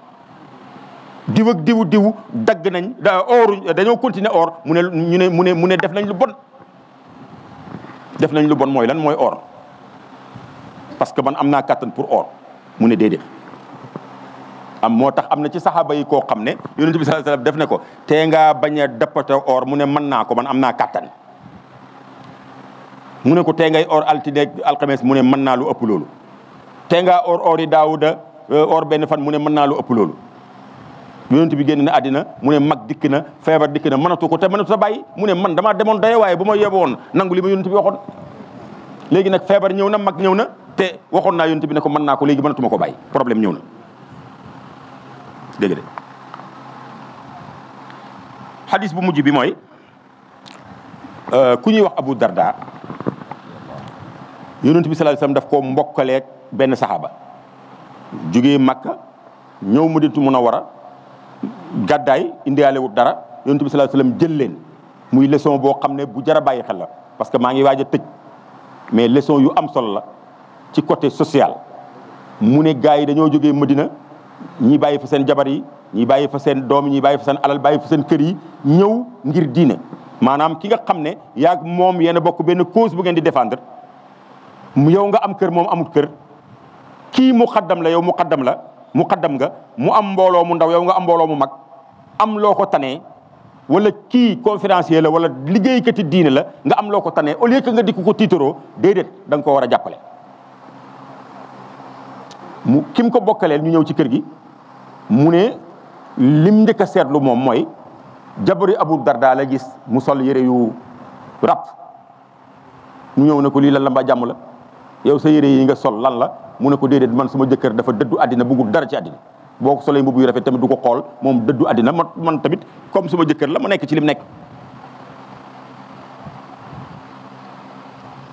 diw ak diw diw dagg nañ da oruñ dañoo continuer or mu ne ñu ne mu ne mu ne def nañ lu bon def nañ lu bon mooy lan mooy or parce que man am naa kàttan pour or mu ne déedéet am moo tax am na ci saxaaba yi koo xam ne yonent bi sallallahu alayhi def ne ko tee ngaa bañ a dappate or mu ne mën naa ko man am naa kàttan mu ne ko tee ngay or altine alxames mu ne mën naa lu ëpp loolu tee ngaa or or yi eh, or benn fan mu ne mën naa ëpp loolu yonent bi génn na àddina mu ne mag dikk na feebar dikk na mënatu ko te mënatu ta bàyyi mu ne man dama demoon doye waaye bu ma yeboon nangu li ma yonent bi waxoon léegi nag feebar ñëw na mag ñëw na te waxoon naa yonent bi ne ko mën naa ko léegi mënatuma ko bàyyi problème ñëw na dégg de xadis bu mujj bi mooy euh, ku ñuy wax Abu Darda yonent bi sallallahu alayhi wasallam daf koo mbokkaleeg benn saxaaba jógee Makka ñëw Madinatu Munawwara gàddaay indiwaale wut dara yonent bi sallallahu alayhi wasallam jël leen muy lesson boo xam ne bu jar a bàyyi xel la parce que maa ngi waaj a tëj mais lesson yu am solo la ci côté social mu ne gars yi dañoo jógee Madina. ñi bàyyi fa seen jabar yi ñi bàyyi fa seen doom yi ñi fa seen alal bàyyi fa seen kër yi ñëw ngir diine maanaam ki nga xam ne yaag moom yéen a bokk benn cause bu ngeen di défendre mu yow nga am kër moom amul kër kii mu xaddam la yow mu xaddam la mu xaddam nga mu am mbooloo mu ndaw yow nga am mbooloo mu mag am loo ko tanee wala kii conférencier la wala liggéeykati diine la nga am loo ko tanee au lieu que nga dikk ko tiitaroo déedéet da nga ko war a jàppale mu kim ko bokkaleel ñu ñëw ci kër gi mu ne lim njëkk a seetlu moom mooy jabari abu darda la gis mu sol yére yu rap ñu ñëw ne ko lii lan la mbaa jàmm la yow sa yére yi nga sol lan la mu ne ko déedéet man suma jëkkër dafa dëddu àddina bëggul dara ci àddina boo ko solee mbubb yu rafet tamit du ko xool moom dëddu àddina man man tamit comme suma jëkkër la ma nekk ci lim nekk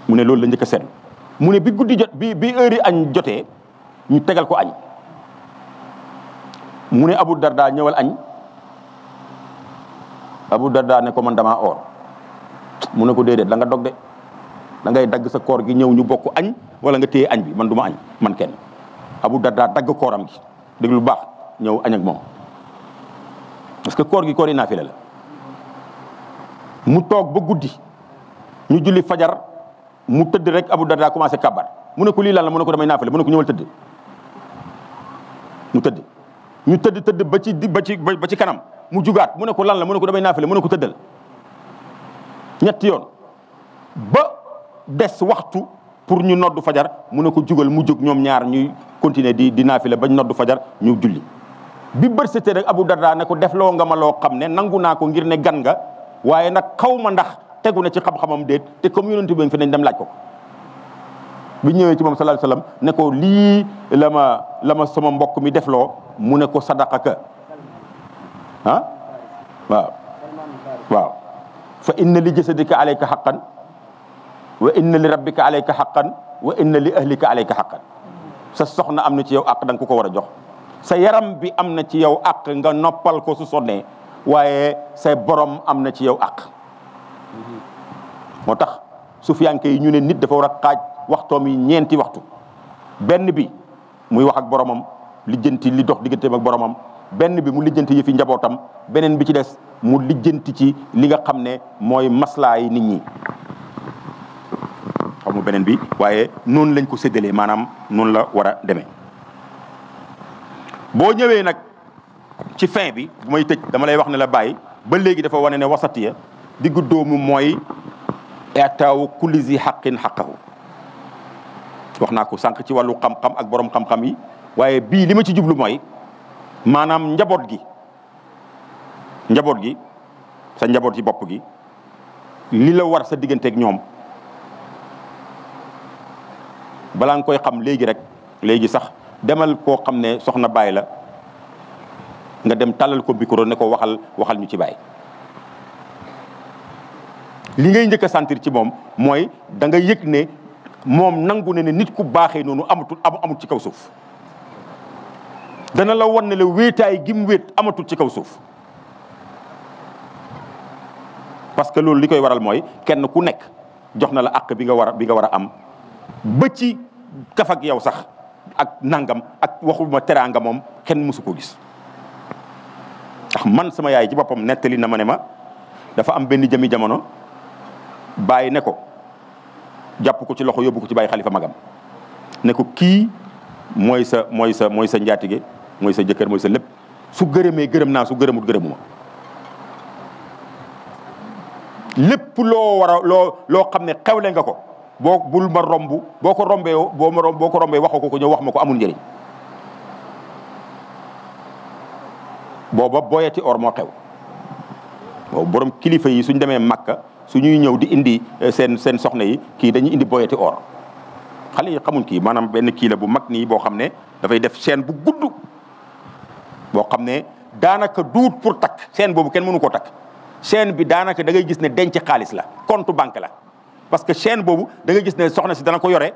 mu ne loolu la njëkk a seetlu mu ne bi guddi jot bi bi heure yi añ jotee ñu tegal ko añ mu ne abu darda ñëwal añ abu darda ne ko man dama or mu ne ko déedéet la nga dog de da ngay dag sa koor gi ñëw ñu bokku añ wala nga añ bi man duma añ man kenn abu darda dag kooram gi dégg lu baax ñëw añ ak mom parce que koor gi koori la mu toog ba guddi ñu julli fajar mu tëdd rek abu darda commencé kabar mu ne ko lii lan la mu ne ko damay mu ne ko ñëwal tëdd mu tëdd ñu tëdd tëdd ba ci ba ci ba ci kanam mu jugaat mu ne ko lan la mu ne ko damay naafale mu ne ko tëddal ñetti yoon ba des waxtu pour ñu noddu fajar mu ne ko jugal mu jóg ñoom ñaar ñu continuer di di naafile bañ noddu fajar ñu julli bi bët setee rek Abu Darda ne ko def loo nga ma loo xam ne nangu naa ko ngir ne gan nga waaye nag xaw ma ndax tegu na ci xam-xamam déet te comme yonent bi fi dem laaj ko bi ñëwee ci moom sallallahu alayhi wasallam ne ko lii la ma la sama mbokk mi def loo mu ne ko sadaqa ka ah waaw waaw fa inna li jasadika alayka xaqan wa inna li rabbika alayka xaqan wa inna li ahlika alayka xaqan sa soxna am na ci yow àq dang nga ko ko war a jox sa yaram bi am na ci yow àq nga noppal ko su sonnee waaye say borom am na ci yow àq moo tax sufiyanke yi ñu ne nit dafa war a xaaj waxtoom yi ñeenti waxtu benn bi muy wax ak boromam lijjanti li dox digganteem ak boromam benn bi mu lijjanti yëfi njabootam beneen bi ci des mu lijjanti ci li nga xam ne mooy maslaa yi nit ñi xaw beneen bi waaye noonu lañ ko séddalee maanaam noonu la war a demee boo ñëwee nag ci fin bi mooy may tëj dama lay wax ne la bàyyi ba léegi dafa wane ne wasatiya diggu doomu mooy etaawu kulli zi xaqin xaqahu wax naa ko sànq ci wàllu xam-xam ak boroom xam-xam yi waaye bii li ma ci jublu mooy maanaam njaboot gi njaboot gi sa njaboot ci bopp gi li la war sa digganteeg ñoom balaa nga koy xam léegi rek léegi sax demal koo xam ne soxna baay la nga dem tàllal ko bikoro ne ko waxal waxal ñu ci baay li ngay njëkk a sentir ci moom mooy da nga yëg ne moom nangu ne ne nit ku baaxee noonu amatul am amut ci kaw suuf dana la wan ne la wéetaay gi mu wéet amatul ci kaw suuf parce que loolu li koy waral mooy kenn ku nekk jox na la àq bi nga war a bi nga war a am ba ci kaf ak yow sax ak nangam ak waxuma teraanga moom kenn mësu koo gis ndax man sama yaay ci boppam nettali na ma ne ma dafa am benn jëmi jamono bàyyi ne ko jàpp ko ci loxo yóbbu ko ci bàyyi xalifa magam ne ko kii mooy sa mooy sa mooy sa njaatige mooy sa jëkkër mooy sa lépp su gërëmee gërëm naa su gërëmut gërëmu ma lépp loo war loo xam ne xewle nga ko boo bul ma romb boo ko rombee boo ma boo ko rombee waxoo ko ko ñëw wax ma ko amul njëriñ booba boyati or moo xew boobu borom kilifa yi suñ demee Makka su ñuy ñëw di indi eh, seen seen soxna yi kii dañuy indi boyati or xale yi xamuñ kii maanaam benn kii la bu mag nii boo xam ne dafay def chaîne bu gudd boo xam ne daanaka duut pour tak chaîne boobu kenn mënu ko takk chaîne bi daanaka da ngay gis ne denc xaalis la compte banque la parce que chaîne boobu da gis ne soxna si dana ko yore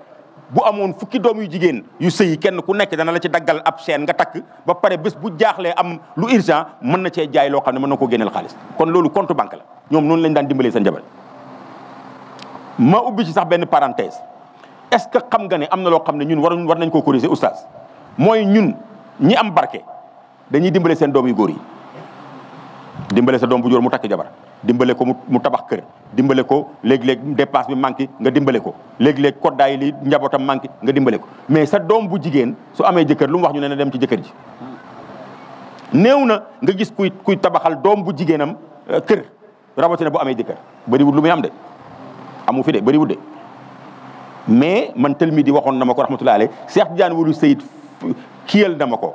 bu amoon fukki doom yu jigéen yu sëyi kenn ku nekk dana la ci daggal ab seen nga takk ba pare bés bu jaaxlee am lu urgent mën na cee jaay loo xam ne mën na koo génneel xaalis kon loolu compte banque la ñoom noonu lañ daan dimbalee seen jabar ma ubbi ci sax benn parenthèse est-ce que xam nga ne am na loo xam ne ñun war war nañ ko corriger oustaz mooy ñun ñi am barke dañuy dimbale seen doom yu góor yi dimbale sa doom bu jóor mu takk jabar dimbale ko mu tabax kër dimbale ko léeg-léeg dépasse bi manqué nga dimbale ko léeg-léeg koddaay li njabootam manqué nga dimbale ko mais sa doom bu jigéen su amee jëkkër lu wax ñu ne na dem ci jëkkër ji néew na nga gis kuy kuy tabaxal doom bu jigéenam euh, kër rawatina boo amee jëkkër bëriwul lu muy am de amu fi de bëriwul de mais man tel mi di waxoon na ma ko rahmatullahi alayhi Cheikh Tidiane Wulu Seyid kiyal na ma ko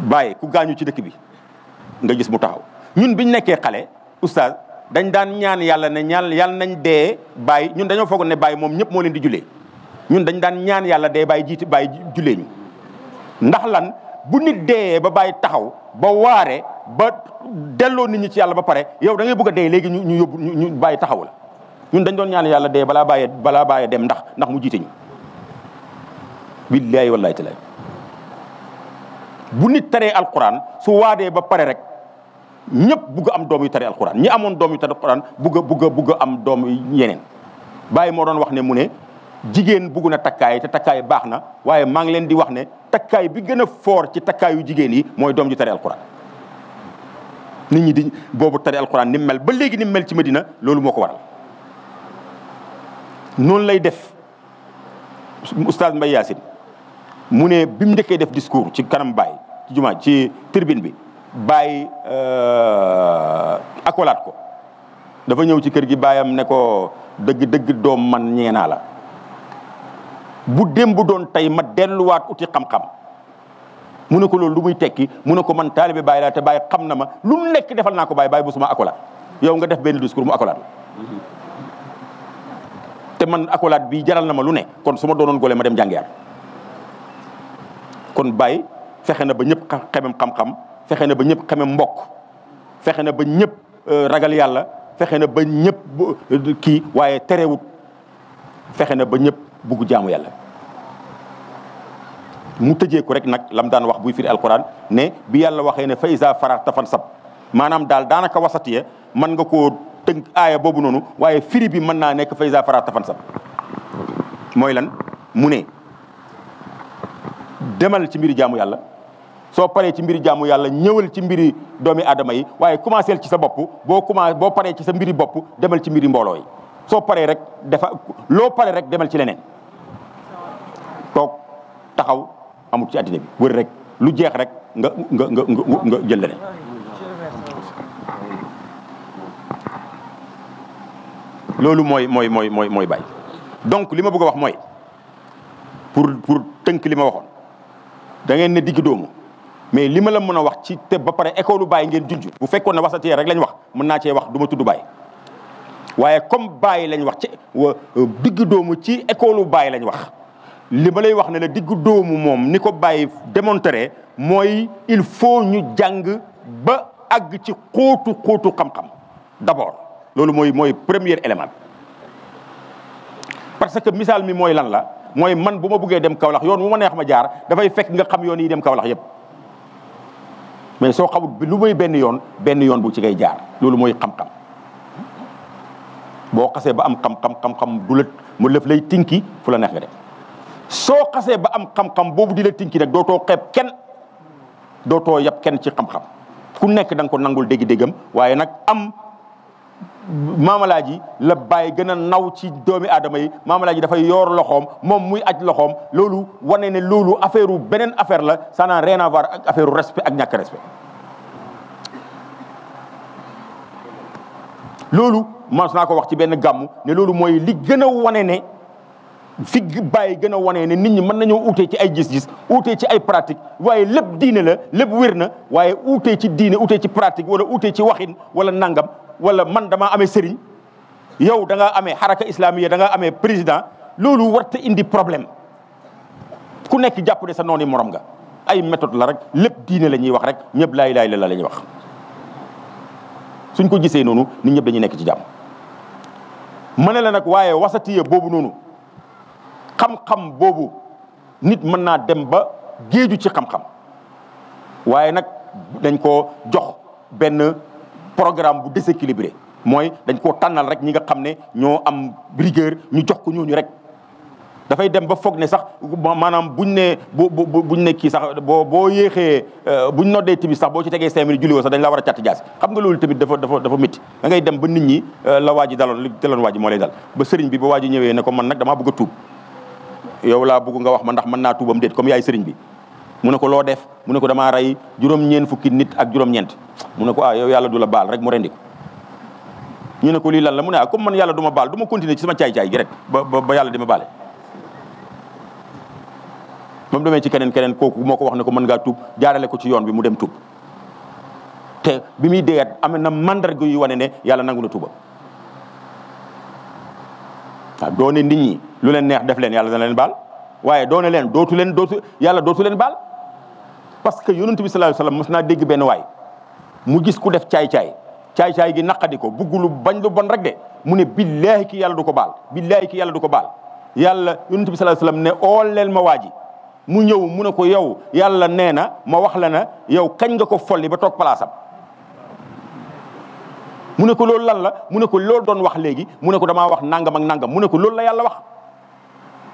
baay ku gaañu ci dëkk bi nga gis mu taxaw ñun biñ nekkee xale oustaz dañ daan ñaan yàlla ne ñaan yàlla nañ dee bàyyi ñun dañoo foog ne bàyyi moom ñëpp moo leen di jullee ñun dañ daan ñaan yàlla dee bàyyi jiiti bàyyi jullee ñu ndax lan bu nit deeyee ba bàyyi taxaw ba waare ba delloo nit ñi ci yàlla ba pare yow da ngay bëgg a dee léegi ñu ñu yóbbu ñu bàyyi taxaw la ñun dañ doon ñaan yàlla dee balaa bàyyi balaa bàyyi dem ndax ndax mu jiite ñu billaahi wallaahi taala bu nit taree alquran su waadee ba pare rek ñëpp bugg am doom yu tare alquran ñi amoon doom yu tare alquran bugg a bugg a am doom yu yeneen bàyyi moo doon wax ne mu ne jigéen bugg na takkaay te takkaay baax na waaye maa ngi leen di wax ne takkaay bi gën foor ci takkaayu jigéen yi mooy doom ju tare alquran nit ñi di boobu tare alquran ni mel ba léegi ni mel ci Medina loolu moo ko waral noonu lay def oustaz Mbaye Yacine mu ne bi mu njëkkee def discours ci kanam Baye ci jumaa ci tribune bi Baye euh, akolaat ko dafa ñëw ci kër gi baayam ne ko dëgg dëgg doom man ñeenaa la bu démb doon tey ma delluwaat uti xam-xam mu ne ko loolu lu muy tekki mu ne ko man taalibe Baye laa te Baye xam na ma lu nekk defal naa ko Baye Baye bu suma akolaat yow nga def benn discours mu akolaat mm-hmm. te man akolaat bi jaral na ma lu ne kon su ma doonoon gole ma dem jàngeer kon Baye fexe na ba ñëpp xemem xam-xam fexe na ba ñëpp xemem mbokk fexe na ba ñëpp euh, ragal yàlla fexe na ba ñëpp euh, kii waaye terewut fexe na ba ñëpp bugg jaamu yàlla mu tëjee ko rek nag lam daan wax buy firi alquran ne bi yàlla waxee ne fa isa faraxta fan sab maanaam daal daanaka wasatiye mën nga ko tënk aaya boobu noonu waaye firi bi mën naa nekk fa isa faraxta fan sab mooy lan mu ne demal ci mbiri jaamu yàlla soo paree ci mbiri jaamu yàlla ñëwal ci mbiri doomi aadama yi waaye commencé ci sa bopp boo commencé boo paree ci sa mbiri bopp demal ci mbiri mboolooy soo paree rek dafa loo pare rek demal ci leneen toog taxaw amul ci addina bi wër rek lu jeex rek nga nga nga nga jël leneen. loolu mooy mooy mooy mooy mooy bàyyi donc li ma bëgg a wax mooy pour pour tënk li ma waxoon. da ngeen ne digg doomu mais li ma la a wax ci te ba pare école Baye ngeen junj bu fekkoon ne rek lañ wax mën naa wax du ma tudd Baye waaye comme Baye lañ wax ci euh, digg doomu ci école Baye lañ wax li wax ne digg doomu démontré il faut ñu jàng ba àgg ci xóotu xóotu xam-xam d'abord loolu mooy premier élément parce que misaal mi mooy lan mooy man bu ma buggee dem kawlax yoon wu ma neex ma jaar dafay fekk nga xam yoon yi dem Kaolack yëpp mais soo xamul lu muy benn yoon benn yoon bu ci gay jaar loolu mooy xam-xam boo xasee ba am xam-xam xam mu lëf lay tinki fu la neex nga dem soo xasee ba am xam-xam boobu di la tinki nag dootoo xeeb kenn dootoo yab kenn ci xam-xam ku nekk da ko nangul dégg-déggam waaye nag am maamalaaji la bàyyi gën a naw ci doomi aadama yi maamalaaji dafa yoor loxoom moom muy aj loxoom loolu wane ne loolu affaire wu beneen affaire la ça n'a ak affaire u respect ak ñàkk respect loolu mas naa ko wax ci benn gàmm ne loolu mooy li gën a wane ne fi bàyyi gën a wane ne nit ñi mën nañoo ute ci ay gis-gis uute ci ay pratique waaye lépp diine la lépp wér na waaye uute ci diine uute ci pratique wala uute ci waxin wala nangam wala man damaa amee sëriñ yow danga ngaa amee xaraka islamiya da ngaa amee président loolu warta indi problème ku nekk jàpp ne sa noonu moroom nga ay méthode la rek lépp diine la ñuy wax rek ñëpp laa ilaaha illallaah la ñuy wax suñ ko gisee noonu nit ñëpp dañuy nekk ci jàmm ma ne la nag waaye wasatiya boobu noonu xam-xam boobu nit mën naa dem ba géeju ci xam-xam waaye nag dañ ko jox benn programme bu déséquilibré mooy dañ koo tànnal rek ñi nga xam ne ñoo am rigueur ñu jox ko ñooñu rek dafay dem ba foog ne sax maanaam buñ ne bu buñ ne kii sax boo boo yéexee euh, buñ noddee tamit sax boo ci tegee cinq minutes julli woo sax dañ la war a càtt jaas xam nga loolu tamit dafa dafa dafa métti da ngay dem ba nit ñi euh, la waa ji daloon li daloon waa ji moo lay dal ba sëriñ bi ba waa ji ñëwee ne ko man nag dama bëgg a tuub yow laa bëgg nga wax ma ndax mën naa tuubam déet comme yaay sëriñ bi mu ne ko loo def mu ne ko damaa rey juróom-ñeent fukki nit ak juróom-ñeent mu ne ko ah yow yàlla du la baal rek mu rendi ko ñu ne ko lii lan la mu ne ah comme man yàlla du ma baal du ma continuer ci sama caay-caay rek ba ba yàlla di ma baale mu ci keneen keneen kooku moo ko wax ne ko mën ngaa jaarale ko ci yoon bi mu dem tuub te bi muy déyaat am na mandarga yi wane ne yàlla nangu na tuuba waaw doone nit ñi lu leen neex def leen yàlla dana leen baal waaye doone leen dootu leen dootu yàlla dootu leen baal parce que yonent bi sallallahu alayhi wasallam mos naa dégg benn waay mu gis ku def caay-caay caay gi naqadi ko bugg lu bañ lu bon rek de mu ne billaahi ki yàlla du ko baal billaahi ki yàlla du ko baal yàlla yonent bi sallallahu alayhi wasallam ne ool leen ma waaji mu ñëw mu ne ko yow yàlla nee na ma wax la na yow kañ nga ko folli ba toog palaasam mu ne ko loolu lan la mu ne ko lool doon wax léegi mu ne ko damaa wax nangam ak nangam mu ne ko loolu la yàlla wax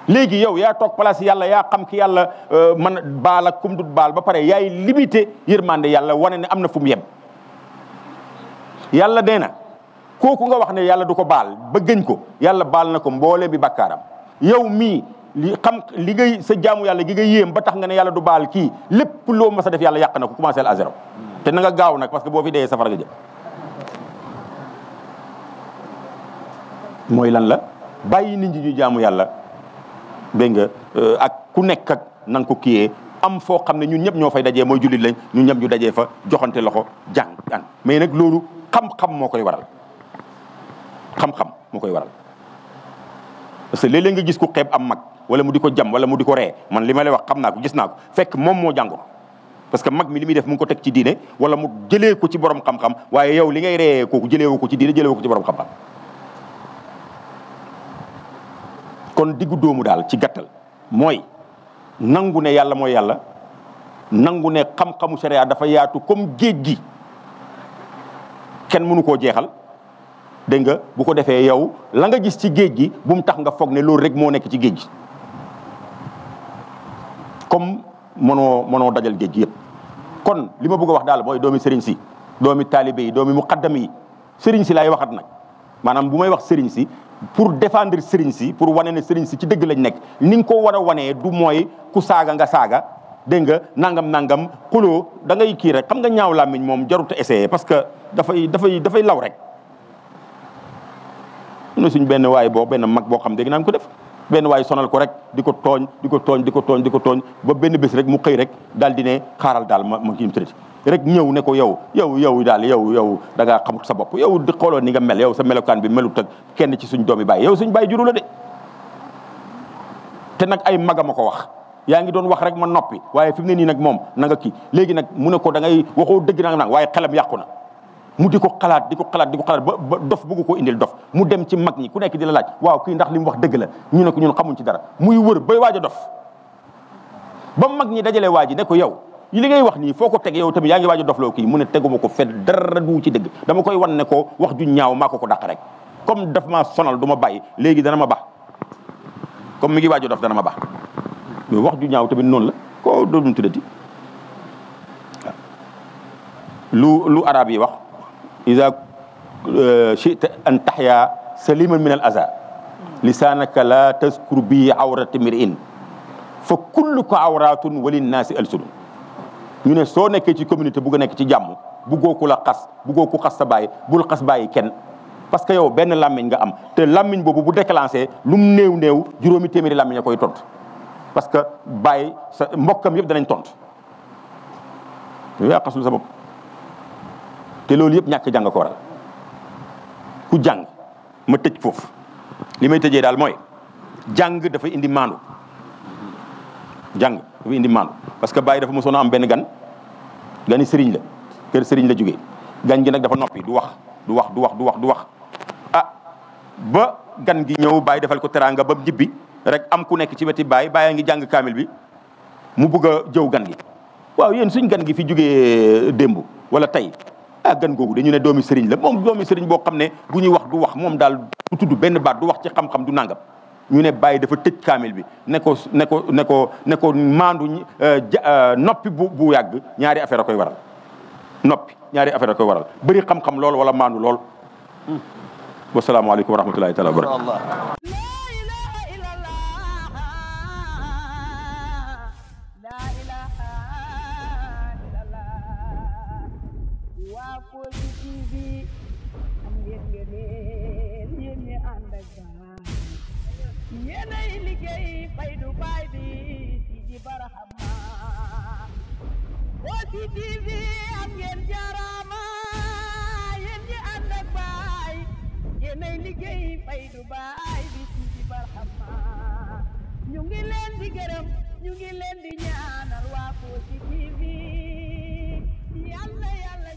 léegi yow yaa toog place yàlla yaa xam ki yàlla euh, man baal ak kum dut baal ba pare yaay limité yërmande yàlla wane ne am na fu mu yem yàlla dee na kooku nga wax ne yàlla du ko baal ba gëñ ko yàlla baal na ko mboolee bi bakkaaram yow mii li xam li ngay sa jaamu yàlla gi nga yéem ba tax nga ne yàlla du baal kii lépp loo mas a def yàlla yàq na ko commencé à zéro te na nga gaaw nag parce que boo fi dee safara nga jëm mooy lan la bàyyi ni ñi ñu jaamu yàlla dégg nga euh, ak ku nekk ak nan ko kiyee am foo xam ne ñun ñëpp ñoo fay dajee mooy juli lañ ñun ñëpp ñu dajee fa joxante loxo jàng an mais nag loolu xam-xam moo koy waral xam-xam moo koy waral parce que léeg-léeg nga gis ku xeeb am mag wala mu di ko jam wala mu di ko ree man li ma wax xam naa ko gis naa ko fekk moom moo jàngul parce que mag mi li muy def mu ngi ko teg ci diine wala mu jëlee ko ci borom xam-xam waaye yow li ngay ree kooku jëlee woo ko ci diine jëlee woo ko ci borom xa kon diggu doomu daal ci gàttal mooy nangu ne yàlla mooy yàlla nangu ne xam-xamu sharia dafa yaatu comme géej gi kenn mënu koo jeexal dégg nga bu ko defee yow la nga gis ci géej gi bu mu tax nga foog ne loolu rek moo nekk ci géej gi comme mënoo mënoo dajal géej yëpp kon li ma bëgg a wax daal mooy doomi sëriñ si doomi taalibe yi doomi muqaddam yi sëriñ si laay waxat nag maanaam bu may wax sëriñ si pour défendre sëriñ si pour wane ne sëriñ si ci dëgg lañ nekk ni nga ko war a wanee du mooy ku saaga nga saaga dégg nga nangam nangam xuloo da ngay kii rek xam nga ñaaw làmmiñ moom jarut a essayer parce que dafay dafay dafay law rek. ne suñ benn waay boo benn mag boo xam dégg naa ko def benn waay sonal ko rek di ko tooñ di ko tooñ di ko tooñ di ko tooñ ba benn bés rek mu xëy rek daal di ne xaaral daal ma ma kii mu rek ñëw ne ko yow yow yow daal yow yow da ngaa xamut sa bopp yow di xooloon ni nga mel yow sa melokaan bi melut ak kenn ci suñ doomi baay yow suñ baay juru la de te nag ay magama ko wax yaa ngi doon wax rek ma noppi waaye fi mu ne nii nag moom na nga kii léegi nag mu ne ko da ngay waxoo dëgg nag nag waaye xelam yàqu na mu di ko xalaat di ko xalaat di ko ba dof bëgg ko indil dof mu dem ci mag ñi ku nekk di la laaj waaw kii ndax li mu wax dëgg la ñu ne ko ñun xamuñ ci dara muy wër bay waaj a dof ba mag ñi dajale waa ji ne ko yow yi li ngay wax ni foko ko yow tamit yaa ngi waaj a dofloo kii mu ne teguma ko fet dara du ci deug dama koy wan ne ko wax ju ñaaw mako ko dak rek comme daf ma sonal duma bay bàyyi dana ma baax comme mi ngi waji dof dana ma baax mais wax ju ñaaw tamit non la ko do doon tuddati lu lu arab yi wax iza chita an taxya saliman min al aza lisaanaka la taskur bi awrata mir in fa kulluka awratun ñu ne soo nekkee ci communauté bugg a nekk ci jàmm buggoo ku la xas buggoo ku xas sa baay bul xas bàyyi kenn parce que yow benn làmmiñ nga am te làmmiñ boobu bu déclenché lu mu néew néew juróomi téeméeri làmmiñ koy tontu parce que bàyyi sa mbokkam yëpp danañ tontu yow yaa xasul sa bopp te loolu yëpp ñàkk jàng ko ku jàng ma tëj foofu li may tëjee daal mooy jàng dafa indi maandu jàng dafa indi maandu parce que bàyyi dafa mosoon a am benn gan gani serigne la keur serigne la jugge gan gi nak dafa nopi du wax du wax du wax du wax du wax ah ba gan gi ñew bàyyi defal ko teranga ba ñibbi rek am ku nek ci weti bàyyi baye ngi jang kamil bi mu bugg jëw gan gi waaw yeen suñu gan gi fi jugge eh, dembu wala tay ah gan gogu dañu ne doomi serigne la mom doomi serigne bo xamne ne bu ñuy wax du wax mom dal tuddu ben baat du wax ci xam-xam du nangam ñu ne bàyyi dafa tëj kaamil bi ne ko ne ko ne ko ne ko maandu euh, euh, noppi bu bu yàgg ñaari affaire koy waral noppi ñaari affaire a koy waral bari xam-xam lool wala maandu lool wasalaamualeykum wa rahmatullahi taala wa barakatu liggéey Faydu baay bi Sidi Barhama OCTV am ngeen jaaraama yéen ñi ànd ak baay yéenay liggéey Faydu baay bi Sidi Barhama ñu ngi leen di gërëm ñu ngi leen di ñaanal waa OCTV yàlla yàlla